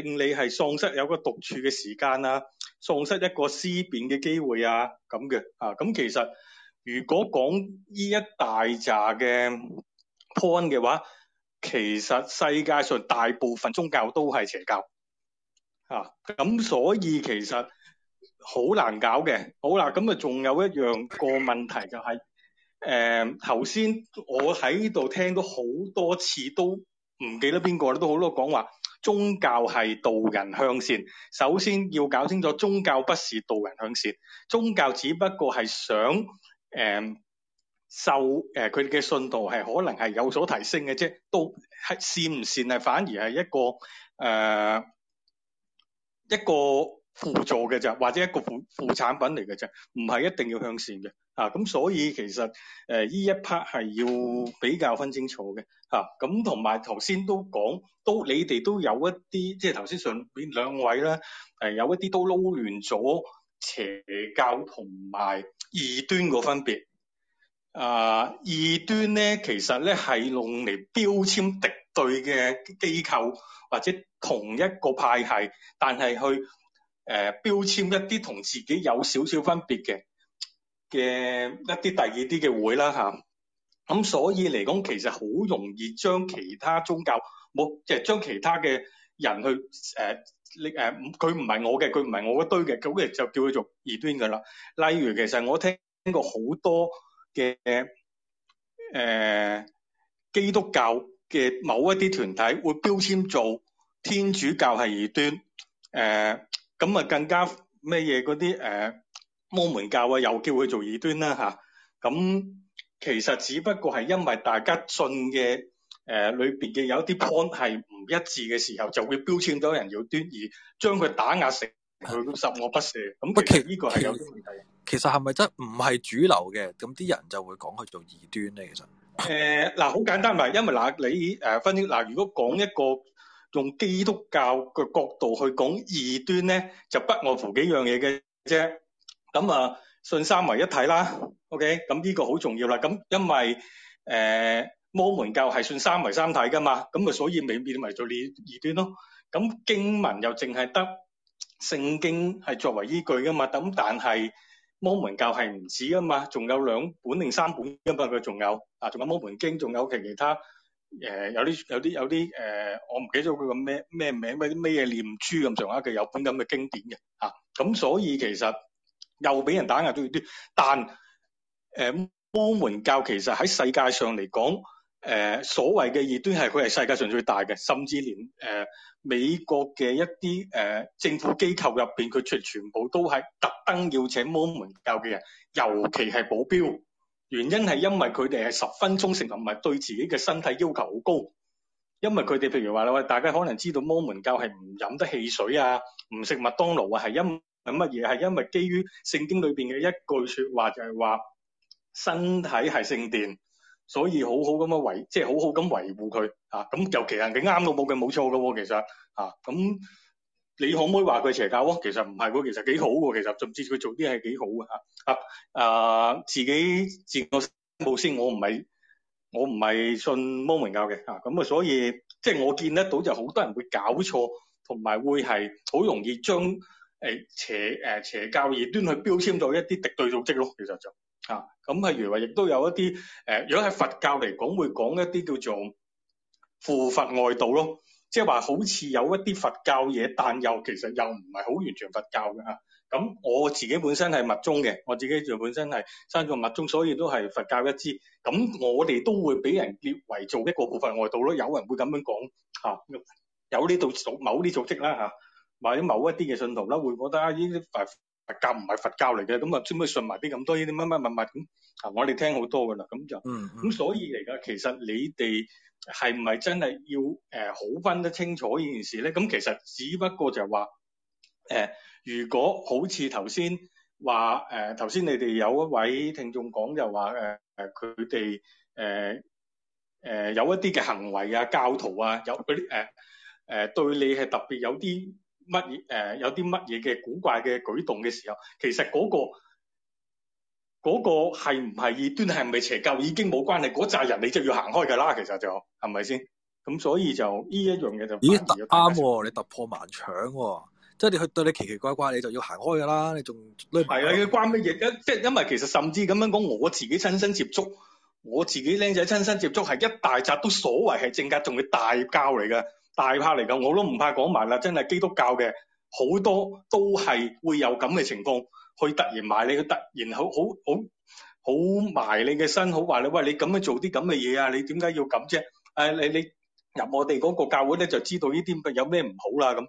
令你係喪失有個獨處嘅時間啊。喪失一個思辨嘅機會啊，咁嘅啊，咁其實如果講呢一大扎嘅 point 嘅話，其實世界上大部分宗教都係邪教啊，咁所以其實好難搞嘅。好啦，咁啊仲有一樣個問題就係、是，誒頭先我喺呢度聽到好多次都唔記得邊個啦，都好多講話。宗教係導人向善，首先要搞清楚，宗教不是導人向善，宗教只不過係想誒、呃、受誒佢哋嘅信徒係可能係有所提升嘅啫，都係善唔善係反而係一個誒、呃、一個輔助嘅啫，或者一個副副產品嚟嘅啫，唔係一定要向善嘅。啊，咁所以其實誒依、呃、一 part 係要比較分清楚嘅嚇。咁同埋頭先都講，都你哋都有一啲，即係頭先上邊兩位咧，誒、呃、有一啲都撈亂咗邪教同埋異端個分別。啊，異端咧，其實咧係用嚟標籤敵對嘅機構或者同一個派系，但係去誒、呃、標籤一啲同自己有少少分別嘅。嘅一啲第二啲嘅會啦吓，咁所以嚟講其實好容易將其他宗教，冇即係將其他嘅人去誒你誒，佢唔係我嘅，佢唔係我一堆嘅，咁跟住就叫佢做異端噶啦。例如，其實我聽過好多嘅誒、呃、基督教嘅某一啲團體會標籤做天主教係異端，誒、呃，咁啊更加咩嘢嗰啲誒。摩門教啊，又叫佢做異端啦、啊、嚇。咁、啊、其實只不過係因為大家信嘅誒裏邊嘅有啲 point 係唔一致嘅時候，就會標籤到人異端，而將佢打壓成佢、嗯、十惡不赦。咁不其呢個係有啲問題。其實係咪真唔係主流嘅？咁啲人就會講佢做異端咧。其實誒嗱，好簡單咪，因為嗱、呃、你誒，分析嗱，如果講一個用基督教嘅角度去講異端咧，就不外乎幾樣嘢嘅啫。咁啊，信三位一體啦，OK？咁呢個好重要啦。咁因為誒摩、呃、門教係信三位三體噶嘛，咁啊，所以未變為做異端咯。咁經文又淨係得聖經係作為依據噶嘛。咁但係摩門教係唔止㗎嘛，仲有兩本定三本，根本佢仲有啊，仲有摩門經，仲有其其他誒、呃、有啲有啲有啲誒、呃，我唔記得咗佢個咩咩名咩咩念珠咁上下，佢有本咁嘅經典嘅咁、啊、所以其實。又俾人打壓到啲，但誒、呃、摩門教其實喺世界上嚟講，誒、呃、所謂嘅熱端係佢係世界上最大嘅，甚至連誒、呃、美國嘅一啲誒、呃、政府機構入邊，佢全全部都係特登要請摩門教嘅人，尤其係保鏢，原因係因為佢哋係十分忠誠同埋對自己嘅身體要求好高，因為佢哋譬如話咧，大家可能知道摩門教係唔飲得汽水啊，唔食麥當勞啊，係因為咁乜嘢？係因為基於聖經裏邊嘅一句說話，就係話身體係聖殿，所以好好咁樣維即係好好咁維護佢啊。咁尤其人哋啱到冇嘅，冇錯嘅。其實啊，咁你可唔可以話佢邪教？其實唔係，其實幾好嘅。其實甚至佢做啲係幾好嘅啊啊！自己自我冒先，我唔係我唔係信摩門教嘅啊。咁啊，所以即係我見得到就好多人會搞錯，同埋會係好容易將。誒邪誒邪教熱端去標籤咗一啲敵對組織咯，其實就啊，咁譬如話，亦都有一啲誒、呃，如果喺佛教嚟講，會講一啲叫做附佛外道咯，即係話好似有一啲佛教嘢，但又其實又唔係好完全佛教嘅啊。咁我自己本身係密宗嘅，我自己就本身係生做密宗，所以都係佛教一支。咁我哋都會俾人列為做一個附佛外道咯，有人會咁樣講嚇、啊，有呢度某啲組織啦嚇。啊或者某一啲嘅信徒啦，會覺得啊，呢啲佛佛教唔係佛教嚟嘅。咁啊，做乜信埋啲咁多呢啲乜乜乜物咁？啊，我哋聽好多噶啦，咁就咁、嗯嗯、所以嚟噶，其實你哋係唔係真係要誒好、呃、分得清楚呢件事咧？咁其實只不過就係話誒，如果好似頭先話誒，頭、呃、先你哋有一位聽眾講就話誒誒，佢哋誒誒有一啲嘅行為啊，教徒啊，有啲誒誒對你係特別有啲。乜嘢？誒、呃、有啲乜嘢嘅古怪嘅舉動嘅時候，其實嗰、嗰個嗰係唔係異端，係唔係邪教已經冇關係。嗰扎人你就要行開㗎啦。其實就係咪先？咁所以就呢一樣嘢就啱喎、哦。你突破盲腸喎、哦，即係你去對你奇奇怪怪，怪，你就要行開㗎啦。你仲係啊？關乜嘢？一即係因為其實甚至咁樣講，我自己親身接觸，我自己靚仔親身接觸係一大紮都所謂係正格，仲係大教嚟嘅。大怕嚟㗎，我都唔怕講埋啦。真係基督教嘅，好多都係會有咁嘅情況，去突然埋你，去突然好好好好埋你嘅身，好話你喂，你咁樣做啲咁嘅嘢啊，你點解要咁啫？誒、啊，你你入我哋嗰個教會咧，就知道呢啲有咩唔好啦、啊。咁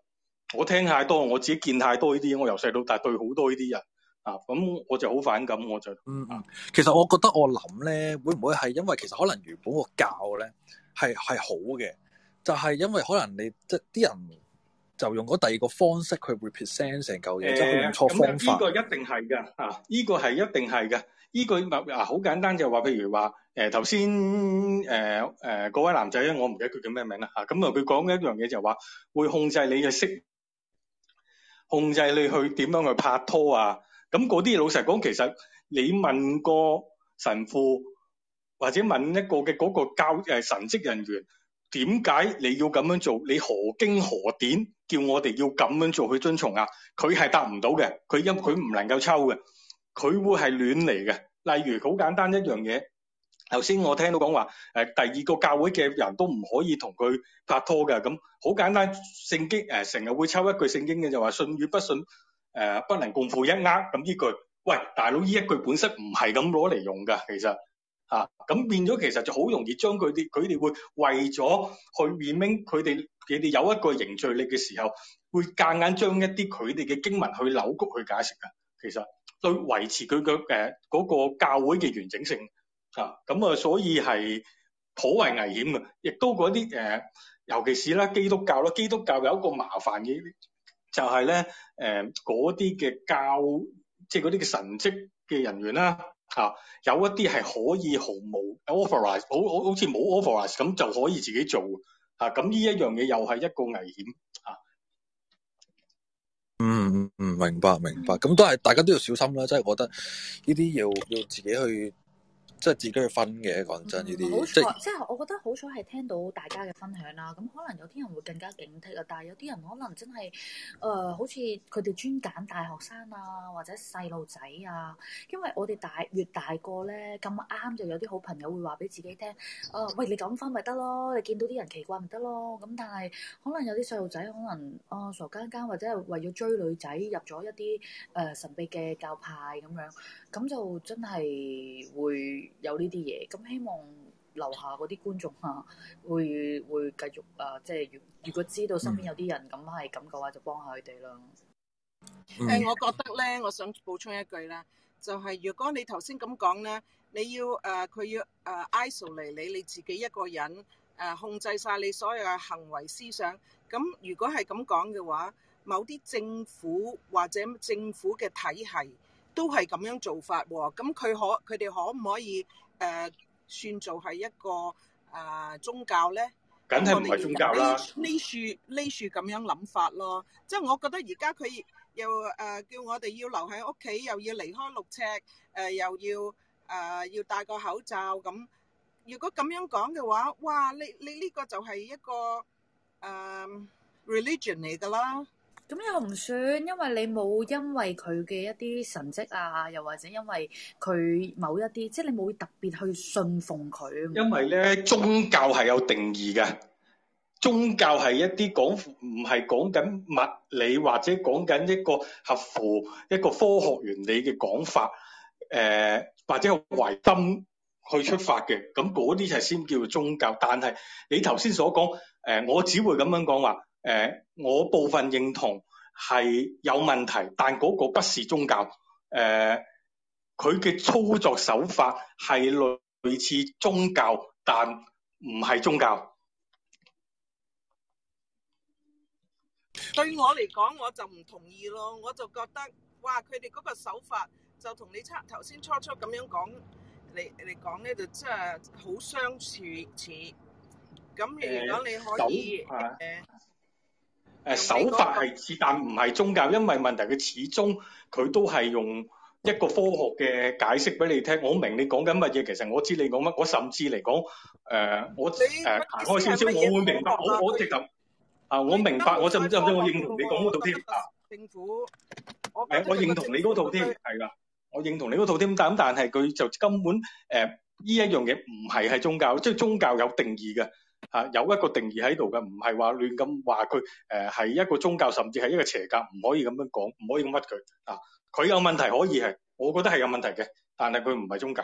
我聽太多，我自己見太多呢啲嘢，我由細到大對好多呢啲人啊，咁我就好反感。我就嗯嗯，其實我覺得我諗咧，會唔會係因為其實可能原本個教咧係係好嘅？就係因為可能你即啲人就用嗰第二個方式去 represent 成嚿嘢，即係、呃、用錯方法呢、呃這個一定係噶，啊，呢、這個係一定係嘅。呢句話好簡單，就係話，譬如話，誒頭先，誒誒嗰位男仔咧，我唔記得佢叫咩名啦，嚇、啊，咁啊佢講一樣嘢就係話，會控制你嘅識，控制你去點樣去拍拖啊。咁嗰啲老實講，其實你問個神父或者問一個嘅嗰個教誒、呃、神職人員。點解你要咁樣做？你何經何典叫我哋要咁樣做去遵從啊？佢係答唔到嘅，佢因佢唔能夠抽嘅，佢會係亂嚟嘅。例如好簡單一樣嘢，頭先我聽到講話誒，第二個教會嘅人都唔可以同佢拍拖嘅咁。好簡單聖經誒，成、呃、日會抽一句聖經嘅，就話信與不信誒、呃、不能共負一軛。咁呢句，喂大佬，呢一句本身唔係咁攞嚟用嘅，其實。啊，咁變咗其實就好容易將佢哋，佢哋會為咗去變 Win 佢哋，佢哋有一個凝聚力嘅時候，會夾硬將一啲佢哋嘅經文去扭曲去解釋㗎。其實，對維持佢嘅誒嗰個教會嘅完整性啊，咁啊，所以係頗為危險嘅。亦都嗰啲、呃、尤其是啦基督教咯，基督教有一個麻煩嘅、就係，就係咧誒嗰啲嘅教，即係嗰啲嘅神職嘅人員啦。啊、有一啲係可以毫無 authorize 咁，好好好似冇 authorize 咁就可以自己做啊！咁呢一樣嘢又係一個危險，嗯嗯、啊、嗯，明白明白，咁都係大家都要小心啦。即、就、係、我、覺得呢啲要要自己去。即係自己去分嘅，講真呢啲，好彩、嗯，即係我覺得好彩係聽到大家嘅分享啦。咁可能有啲人會更加警惕啊，但係有啲人可能真係誒、呃，好似佢哋專揀大學生啊，或者細路仔啊。因為我哋大越大個咧，咁啱就有啲好朋友會話俾自己聽，誒、呃，喂你講翻咪得咯，你見到啲人奇怪咪得咯。咁但係可能有啲細路仔可能啊、呃、傻更更，或者係為咗追女仔入咗一啲誒、呃、神秘嘅教派咁樣，咁就真係會。有呢啲嘢，咁希望留下嗰啲觀眾啊，會會繼續啊，即係如如果知道身邊有啲人咁係咁嘅話就他們，就幫下佢哋咯。誒、欸，我覺得咧，我想補充一句啦，就係、是、如果你頭先咁講咧，你要誒佢、啊、要誒、啊、isolate 你你自己一個人誒、啊、控制晒你所有嘅行為思想，咁如果係咁講嘅話，某啲政府或者政府嘅體系。都係咁樣做法喎，咁佢可佢哋可唔可以誒算做係一個啊宗教咧？梗係唔係宗教啦。呢樹呢樹咁樣諗法咯，即係我覺得而家佢又誒叫我哋要留喺屋企，又要離開六尺，誒又要誒要戴個口罩咁。如果咁樣講嘅話，哇！你你呢個就係一個誒 religion 嚟㗎啦。咁又唔算，因為你冇因為佢嘅一啲神蹟啊，又或者因為佢某一啲，即係你冇特別去信奉佢。因為咧，宗教係有定義嘅，宗教係一啲講唔係講緊物理或者講緊一個合乎一個科學原理嘅講法，誒、呃、或者係懷登去出發嘅，咁嗰啲係先叫宗教。但係你頭先所講，誒、呃、我只會咁樣講話。誒、呃，我部分認同係有問題，但嗰個不是宗教。誒、呃，佢嘅操作手法係類似宗教，但唔係宗教。對我嚟講，我就唔同意咯。我就覺得，哇，佢哋嗰個手法就同你初頭先初初咁樣講你你講呢，就真係好相似似。咁如果你可以誒。誒，手法係似，但唔係宗教，因為問題佢始終佢都係用一個科學嘅解釋俾你聽。我明你講緊乜嘢，其實我知你講乜。我甚至嚟講誒，我誒行開少少，是是啊、我會明白。我我直頭啊，我明白。我就唔我認同你講嗰套添啊，政府，我係認同你嗰套添，係㗎，我認同你嗰套添。但咁但係佢就根本誒依、呃、一樣嘢唔係係宗教，即、就、係、是、宗教有定義嘅。啊，有一個定義喺度嘅，唔係話亂咁話佢誒係一個宗教，甚至係一個邪教，唔可以咁樣講，唔可以咁屈佢啊。佢有問題可以係，我覺得係有問題嘅，但係佢唔係宗教。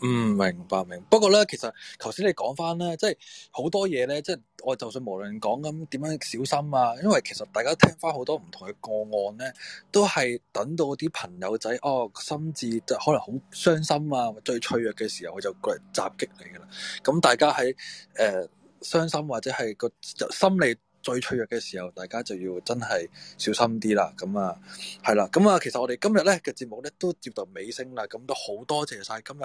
唔、嗯、明白，明白，不過咧，其實頭先你講翻咧，即係好多嘢咧，即、就、係、是、我就算無論講咁點樣小心啊，因為其實大家聽翻好多唔同嘅個案咧，都係等到啲朋友仔哦，心智就可能好傷心啊，最脆弱嘅時候，我就過嚟襲擊你噶啦。咁、嗯、大家喺誒傷心或者係個心理。最脆弱嘅時候，大家就要真係小心啲啦。咁啊，係啦。咁啊，其實我哋今日咧嘅節目咧都接近尾聲啦。咁都好多謝晒今日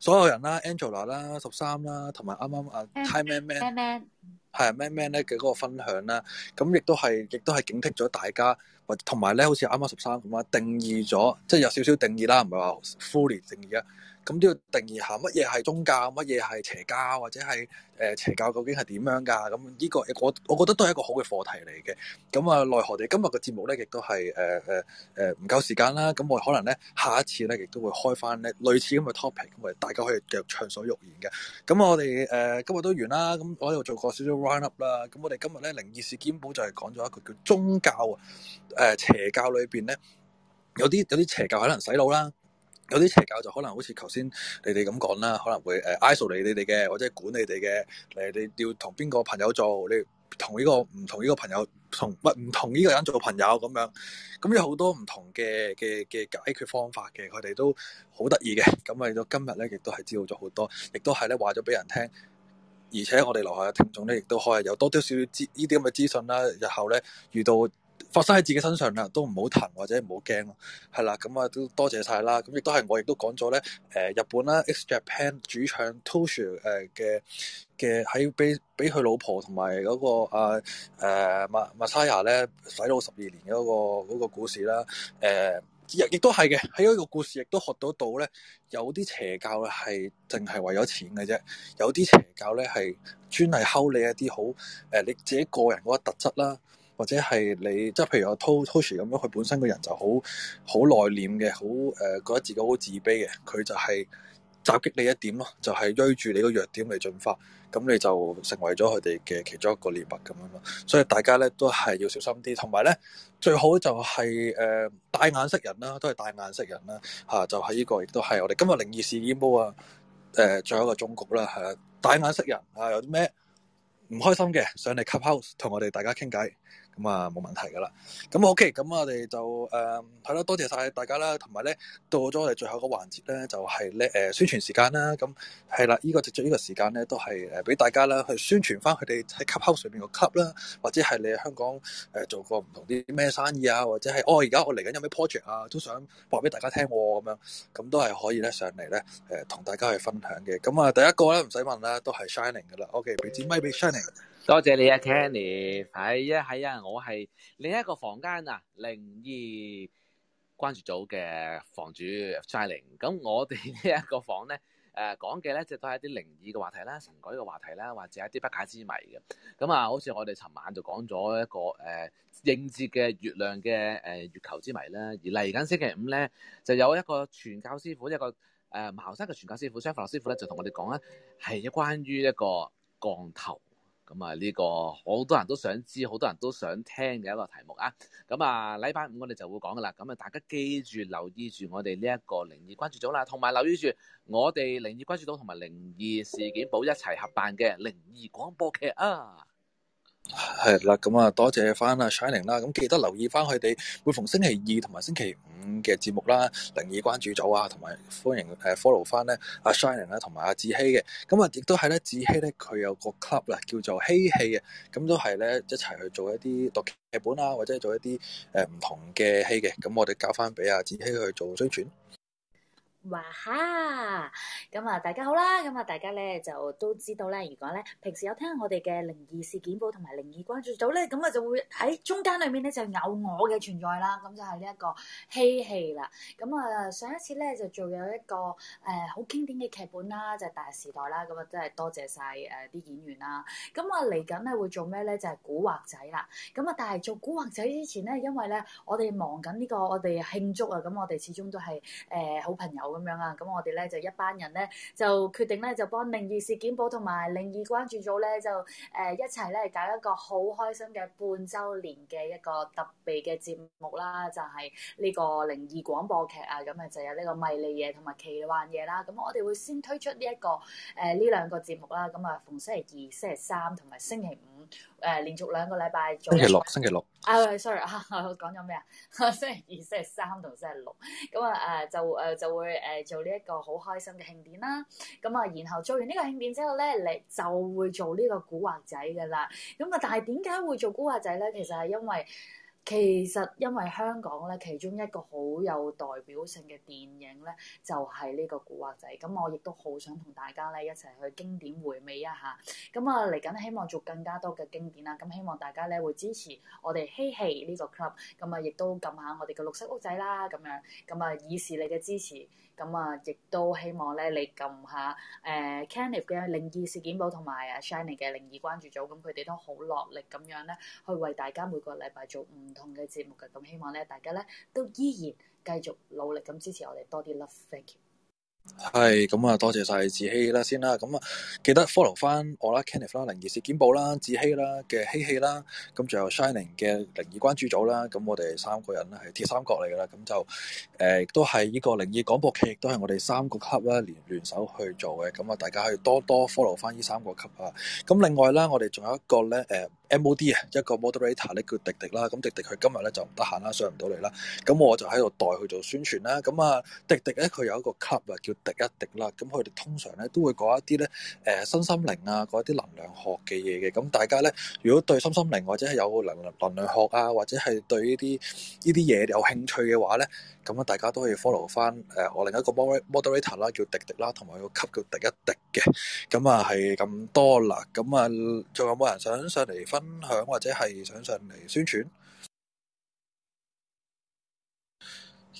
所有人啦，Angela 啦、十三啦，同埋啱啱啊，Man Man 係 Man Man 咧嘅嗰個分享啦。咁亦都係，亦都係警惕咗大家，或同埋咧，好似啱啱十三咁啊，定義咗，即係有少少定義啦，唔係話 fully 定義啊。咁都要定義下乜嘢係宗教，乜嘢係邪教，或者係誒、呃、邪教究竟係點樣噶？咁呢個我我覺得都係一個好嘅課題嚟嘅。咁啊，奈何我哋今日嘅節目咧，亦都係呃呃呃、唔夠時間啦。咁我可能咧下一次咧，亦都會開翻咧類似咁嘅 topic，咁我哋大家可以繼續暢所欲言嘅。咁我哋、呃、今日都完啦。咁我呢度做過少少 round up 啦。咁我哋今日咧靈異事件簿就係講咗一個叫宗教啊、呃，邪教裏面咧有啲有啲邪教可能洗腦啦。有啲邪教就可能好似頭先你哋咁講啦，可能會誒 isolate 你你哋嘅，或者管你哋嘅，你要同邊個朋友做？你同呢個唔同呢個朋友同唔同呢個人做朋友咁樣，咁有好多唔同嘅嘅嘅解決方法嘅，佢哋都好得意嘅。咁為到今日咧，亦都係知道咗好多，亦都係咧話咗俾人聽。而且我哋樓下嘅聽眾咧，亦都可以有多多少少呢啲咁嘅資訊啦。日後咧遇到。發生喺自己身上啦，都唔好疼或者唔好驚咯，係啦，咁啊都多謝晒啦。咁亦都係我亦都講咗咧，誒、呃，日本啦，X Japan 主唱 Toshi 誒嘅嘅喺俾俾佢老婆同埋嗰個啊誒、啊、Masaya 咧洗腦十二年嘅、嗰個嗰、嗰個故事啦，誒、呃，亦亦都係嘅，喺嗰個故事亦都學到到咧，有啲邪教咧係淨係為咗錢嘅啫，有啲邪教咧係專係溝你一啲好誒你自己個人嗰個特質啦。或者係你即係譬如阿 Toshi 咁樣，佢本身個人就好好內斂嘅，好誒、呃、覺得自己好自卑嘅，佢就係襲擊你一點咯，就係、是、追住你個弱點嚟進化，咁你就成為咗佢哋嘅其中一個獵物咁樣咯。所以大家咧都係要小心啲，同埋咧最好就係誒帶眼識人啦，都係帶眼識人啦吓、啊，就喺、是、呢、這個亦都係我哋今日靈異事件簿啊誒最後一個忠告啦嚇，帶眼識人嚇、啊，有啲咩唔開心嘅上嚟吸溝，同我哋大家傾偈。咁啊，冇問題噶啦。咁 OK，咁我哋就誒係啦，多謝晒大家啦。同埋咧，到咗我哋最後個環節咧，就係咧誒宣傳時間啦。咁係啦，依個直至呢個時間咧，都係誒俾大家啦去宣傳翻佢哋喺 clubhouse 上面個 club 啦，或者係你喺香港做過唔同啲咩生意啊，或者係哦而家我嚟緊有咩 project 啊，都想話俾大家聽喎咁樣，咁都係可以咧上嚟咧誒同大家去分享嘅。咁啊，第一個咧唔使問啦，都係 Shining 噶啦。OK，俾支咪俾 Shining。多謝你啊 Kenny 係啊，係啊，我係另一個房間啊，靈異關注組嘅房主 j h i Ling。咁我哋呢一個房咧，誒講嘅咧，即係都係一啲靈異嘅話題啦、神鬼嘅話題啦，或者一啲不解之謎嘅。咁啊，好似我哋尋晚就講咗一個誒、呃、應節嘅月亮嘅誒月球之謎啦。而嚟緊星期五咧，就有一個傳教師傅，一個誒茅山嘅傳教師傅 s h a f 師傅咧，就同我哋講咧，係關於一個降頭。咁啊，呢個好多人都想知，好多人都想聽嘅一個題目啊！咁啊，禮拜五我哋就會講㗎啦。咁啊，大家記住留意住我哋呢一個靈異關注組啦，同埋留意住我哋靈異關注組同埋靈異事件簿一齊合辦嘅靈異廣播劇啊！係啦，咁啊多謝翻阿 Shining 啦，咁記得留意翻佢哋會逢星期二同埋星期五嘅節目啦，靈異關注組啊，同埋歡迎誒 follow 翻咧阿 Shining 啦，同埋阿志希嘅，咁啊亦都係咧志希咧佢有個 club 啦，叫做希戲嘅，咁都係咧一齊去做一啲讀劇本啊，或者做一啲誒唔同嘅戲嘅，咁我哋交翻俾阿志希去做宣傳。哇哈！咁啊，大家好啦，咁啊，大家咧就都知道咧。如果咧，平時有聽我哋嘅靈異事件簿同埋靈異關注組咧，咁啊就會喺中間裏面咧就有我嘅存在啦。咁就係呢一個嬉戲啦。咁啊，上一次咧就做有一個誒好經典嘅劇本啦，就係《大時代》啦。咁啊，真係多謝晒誒啲演員啦。咁啊，嚟緊咧會做咩咧？就係古惑仔啦。咁啊，但係做古惑仔之前咧，因為咧我哋忙緊呢個我哋慶祝啊，咁我哋始終都係誒好朋友的。咁樣啊，咁我哋咧就一班人咧就決定咧就幫靈異事件簿同埋靈異關注組咧就誒、呃、一齊咧搞一個好開心嘅半周年嘅一個特別嘅節目啦，就係、是、呢個靈異廣播劇啊，咁啊就有呢、這個迷離嘢同埋奇幻嘢啦。咁我哋會先推出呢、這、一個誒呢兩個節目啦。咁啊，逢星期二、星期三同埋星期五。五誒、呃、連續兩個禮拜做，星期六、星期六。啊，sorry 啊，講咗咩啊？星期二、星期三同星期六，咁啊誒就誒就會誒做呢一個好開心嘅慶典啦。咁啊，然後做完呢個慶典之後咧，你就會做呢個古惑仔嘅啦。咁啊，但係點解會做古惑仔咧？其實係因為。其實因為香港咧，其中一個好有代表性嘅電影咧，就係呢個《古惑仔》。咁我亦都好想同大家咧一齊去經典回味一下。咁啊，嚟緊希望做更加多嘅經典啦。咁希望大家咧會支持我哋嬉戲呢個 club。咁啊，亦都撳下我哋嘅綠色屋仔啦。咁樣咁啊，以示你嘅支持。咁啊，亦都希望咧，你撳下誒 Kenneth 嘅靈異事件簿同埋阿 Shiny 嘅靈異關注組，咁佢哋都好落力咁樣咧，去為大家每個禮拜做唔同嘅節目嘅。咁希望咧，大家咧都依然繼續努力咁支持我哋多啲 Love, Thank you。係咁啊，多謝晒子希啦先啦，咁啊記得 follow 翻我啦，Kenneth 啦，靈異事件簿啦，子希啦嘅希希啦，咁仲有 Shining 嘅靈異關注組啦，咁我哋三個人係鐵三角嚟噶啦，咁就誒都係呢個靈異廣播劇，亦都係我哋三個級啦聯聯手去做嘅，咁啊大家可以多多 follow 翻呢三個級啊，咁另外啦，我哋仲有一個咧誒。M.O.D 啊，一個 moderator 咧叫迪迪啦，咁迪迪佢今日咧就唔得閒啦，上唔到嚟啦，咁我就喺度代佢做宣傳啦。咁啊，迪迪咧佢有，有一個 club 啊，叫迪一迪啦。咁佢哋通常咧都會講一啲咧誒身心靈啊，講一啲能量學嘅嘢嘅。咁大家咧，如果對身心靈或者係有能能量學啊，或者係對呢啲呢啲嘢有興趣嘅話咧。咁啊，大家都可以 follow 翻誒我另一個 moderator 啦，cup 叫迪迪啦，同埋個級叫迪一迪嘅。咁啊，係咁多啦。咁啊，仲有冇人想上嚟分享，或者係想上嚟宣傳？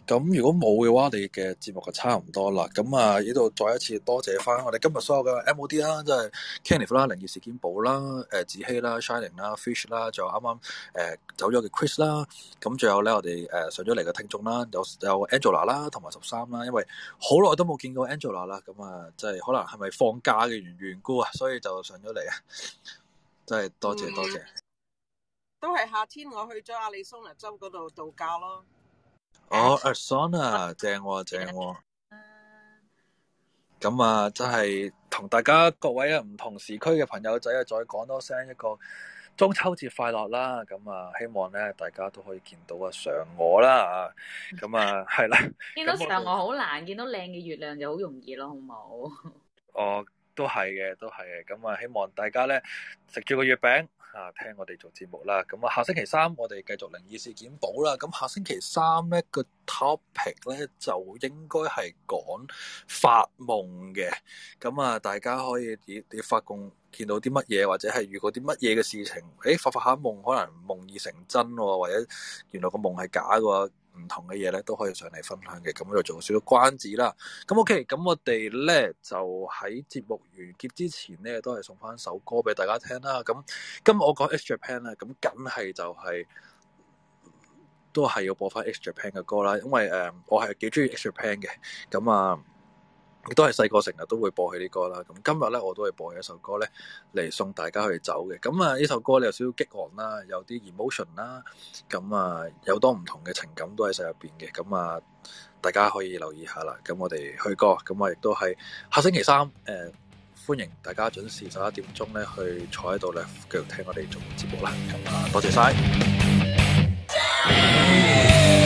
咁如果冇嘅話，我哋嘅節目就差唔多啦。咁啊，呢度再一次多謝翻我哋今日所有嘅 MOD 啦，即係 Kenneth 啦、靈異事件簿啦、誒子希啦、Shining 啦、Fish 啦，仲有啱啱誒走咗嘅 Chris 啦。咁仲有咧，我哋誒上咗嚟嘅聽眾啦，有有 Angela 啦，同埋十三啦。因為好耐都冇見過 Angela 啦，咁啊，即係可能係咪放假嘅緣緣故啊？所以就上咗嚟啊！真係多謝多謝。嗯、多謝。都係夏天，我去咗亞利桑那州嗰度度假咯。哦 Arizona 正喎，正喎。咁啊，真係同大家各位啊唔同時區嘅朋友仔啊，再講多聲一個中秋節快樂啦！咁啊，希望咧大家都可以見到阿嫦娥啦。咁啊，係 啦。見到嫦娥好難，見到靚嘅月亮就好容易咯，好冇？ 哦，都係嘅，都係嘅。咁啊，希望大家咧食咗個月餅。啊！聽我哋做節目啦，咁啊，下星期三我哋繼續靈異事件簿啦。咁下星期三咧個 topic 咧就應該係講發夢嘅。咁啊，大家可以你你發夢見到啲乜嘢，或者係遇過啲乜嘢嘅事情？誒、哎，發發下夢，可能夢已成真喎，或者原來個夢係假喎。唔同嘅嘢咧，都可以上嚟分享嘅。咁又做少少關子啦。咁 OK，咁我哋咧就喺節目完結之前咧，都係送翻首歌俾大家聽啦。咁今日我講 X Japan 啦。咁梗係就係、是、都係要播翻 X Japan 嘅歌啦。因為誒、呃，我係幾中意 X Japan 嘅。咁啊。嗯亦都係細個成日都會播佢啲歌啦，咁今日咧我都係播一首歌咧，嚟送大家去走嘅，咁啊呢首歌咧有少少激昂啦，有啲 emotion 啦，咁啊有多唔同嘅情感都喺晒入邊嘅，咁啊大家可以留意一下啦，咁我哋去歌，咁我亦都喺下星期三，誒、呃、歡迎大家準時十一點鐘咧去坐喺度咧，繼續聽我哋做節目啦，咁啊多謝晒。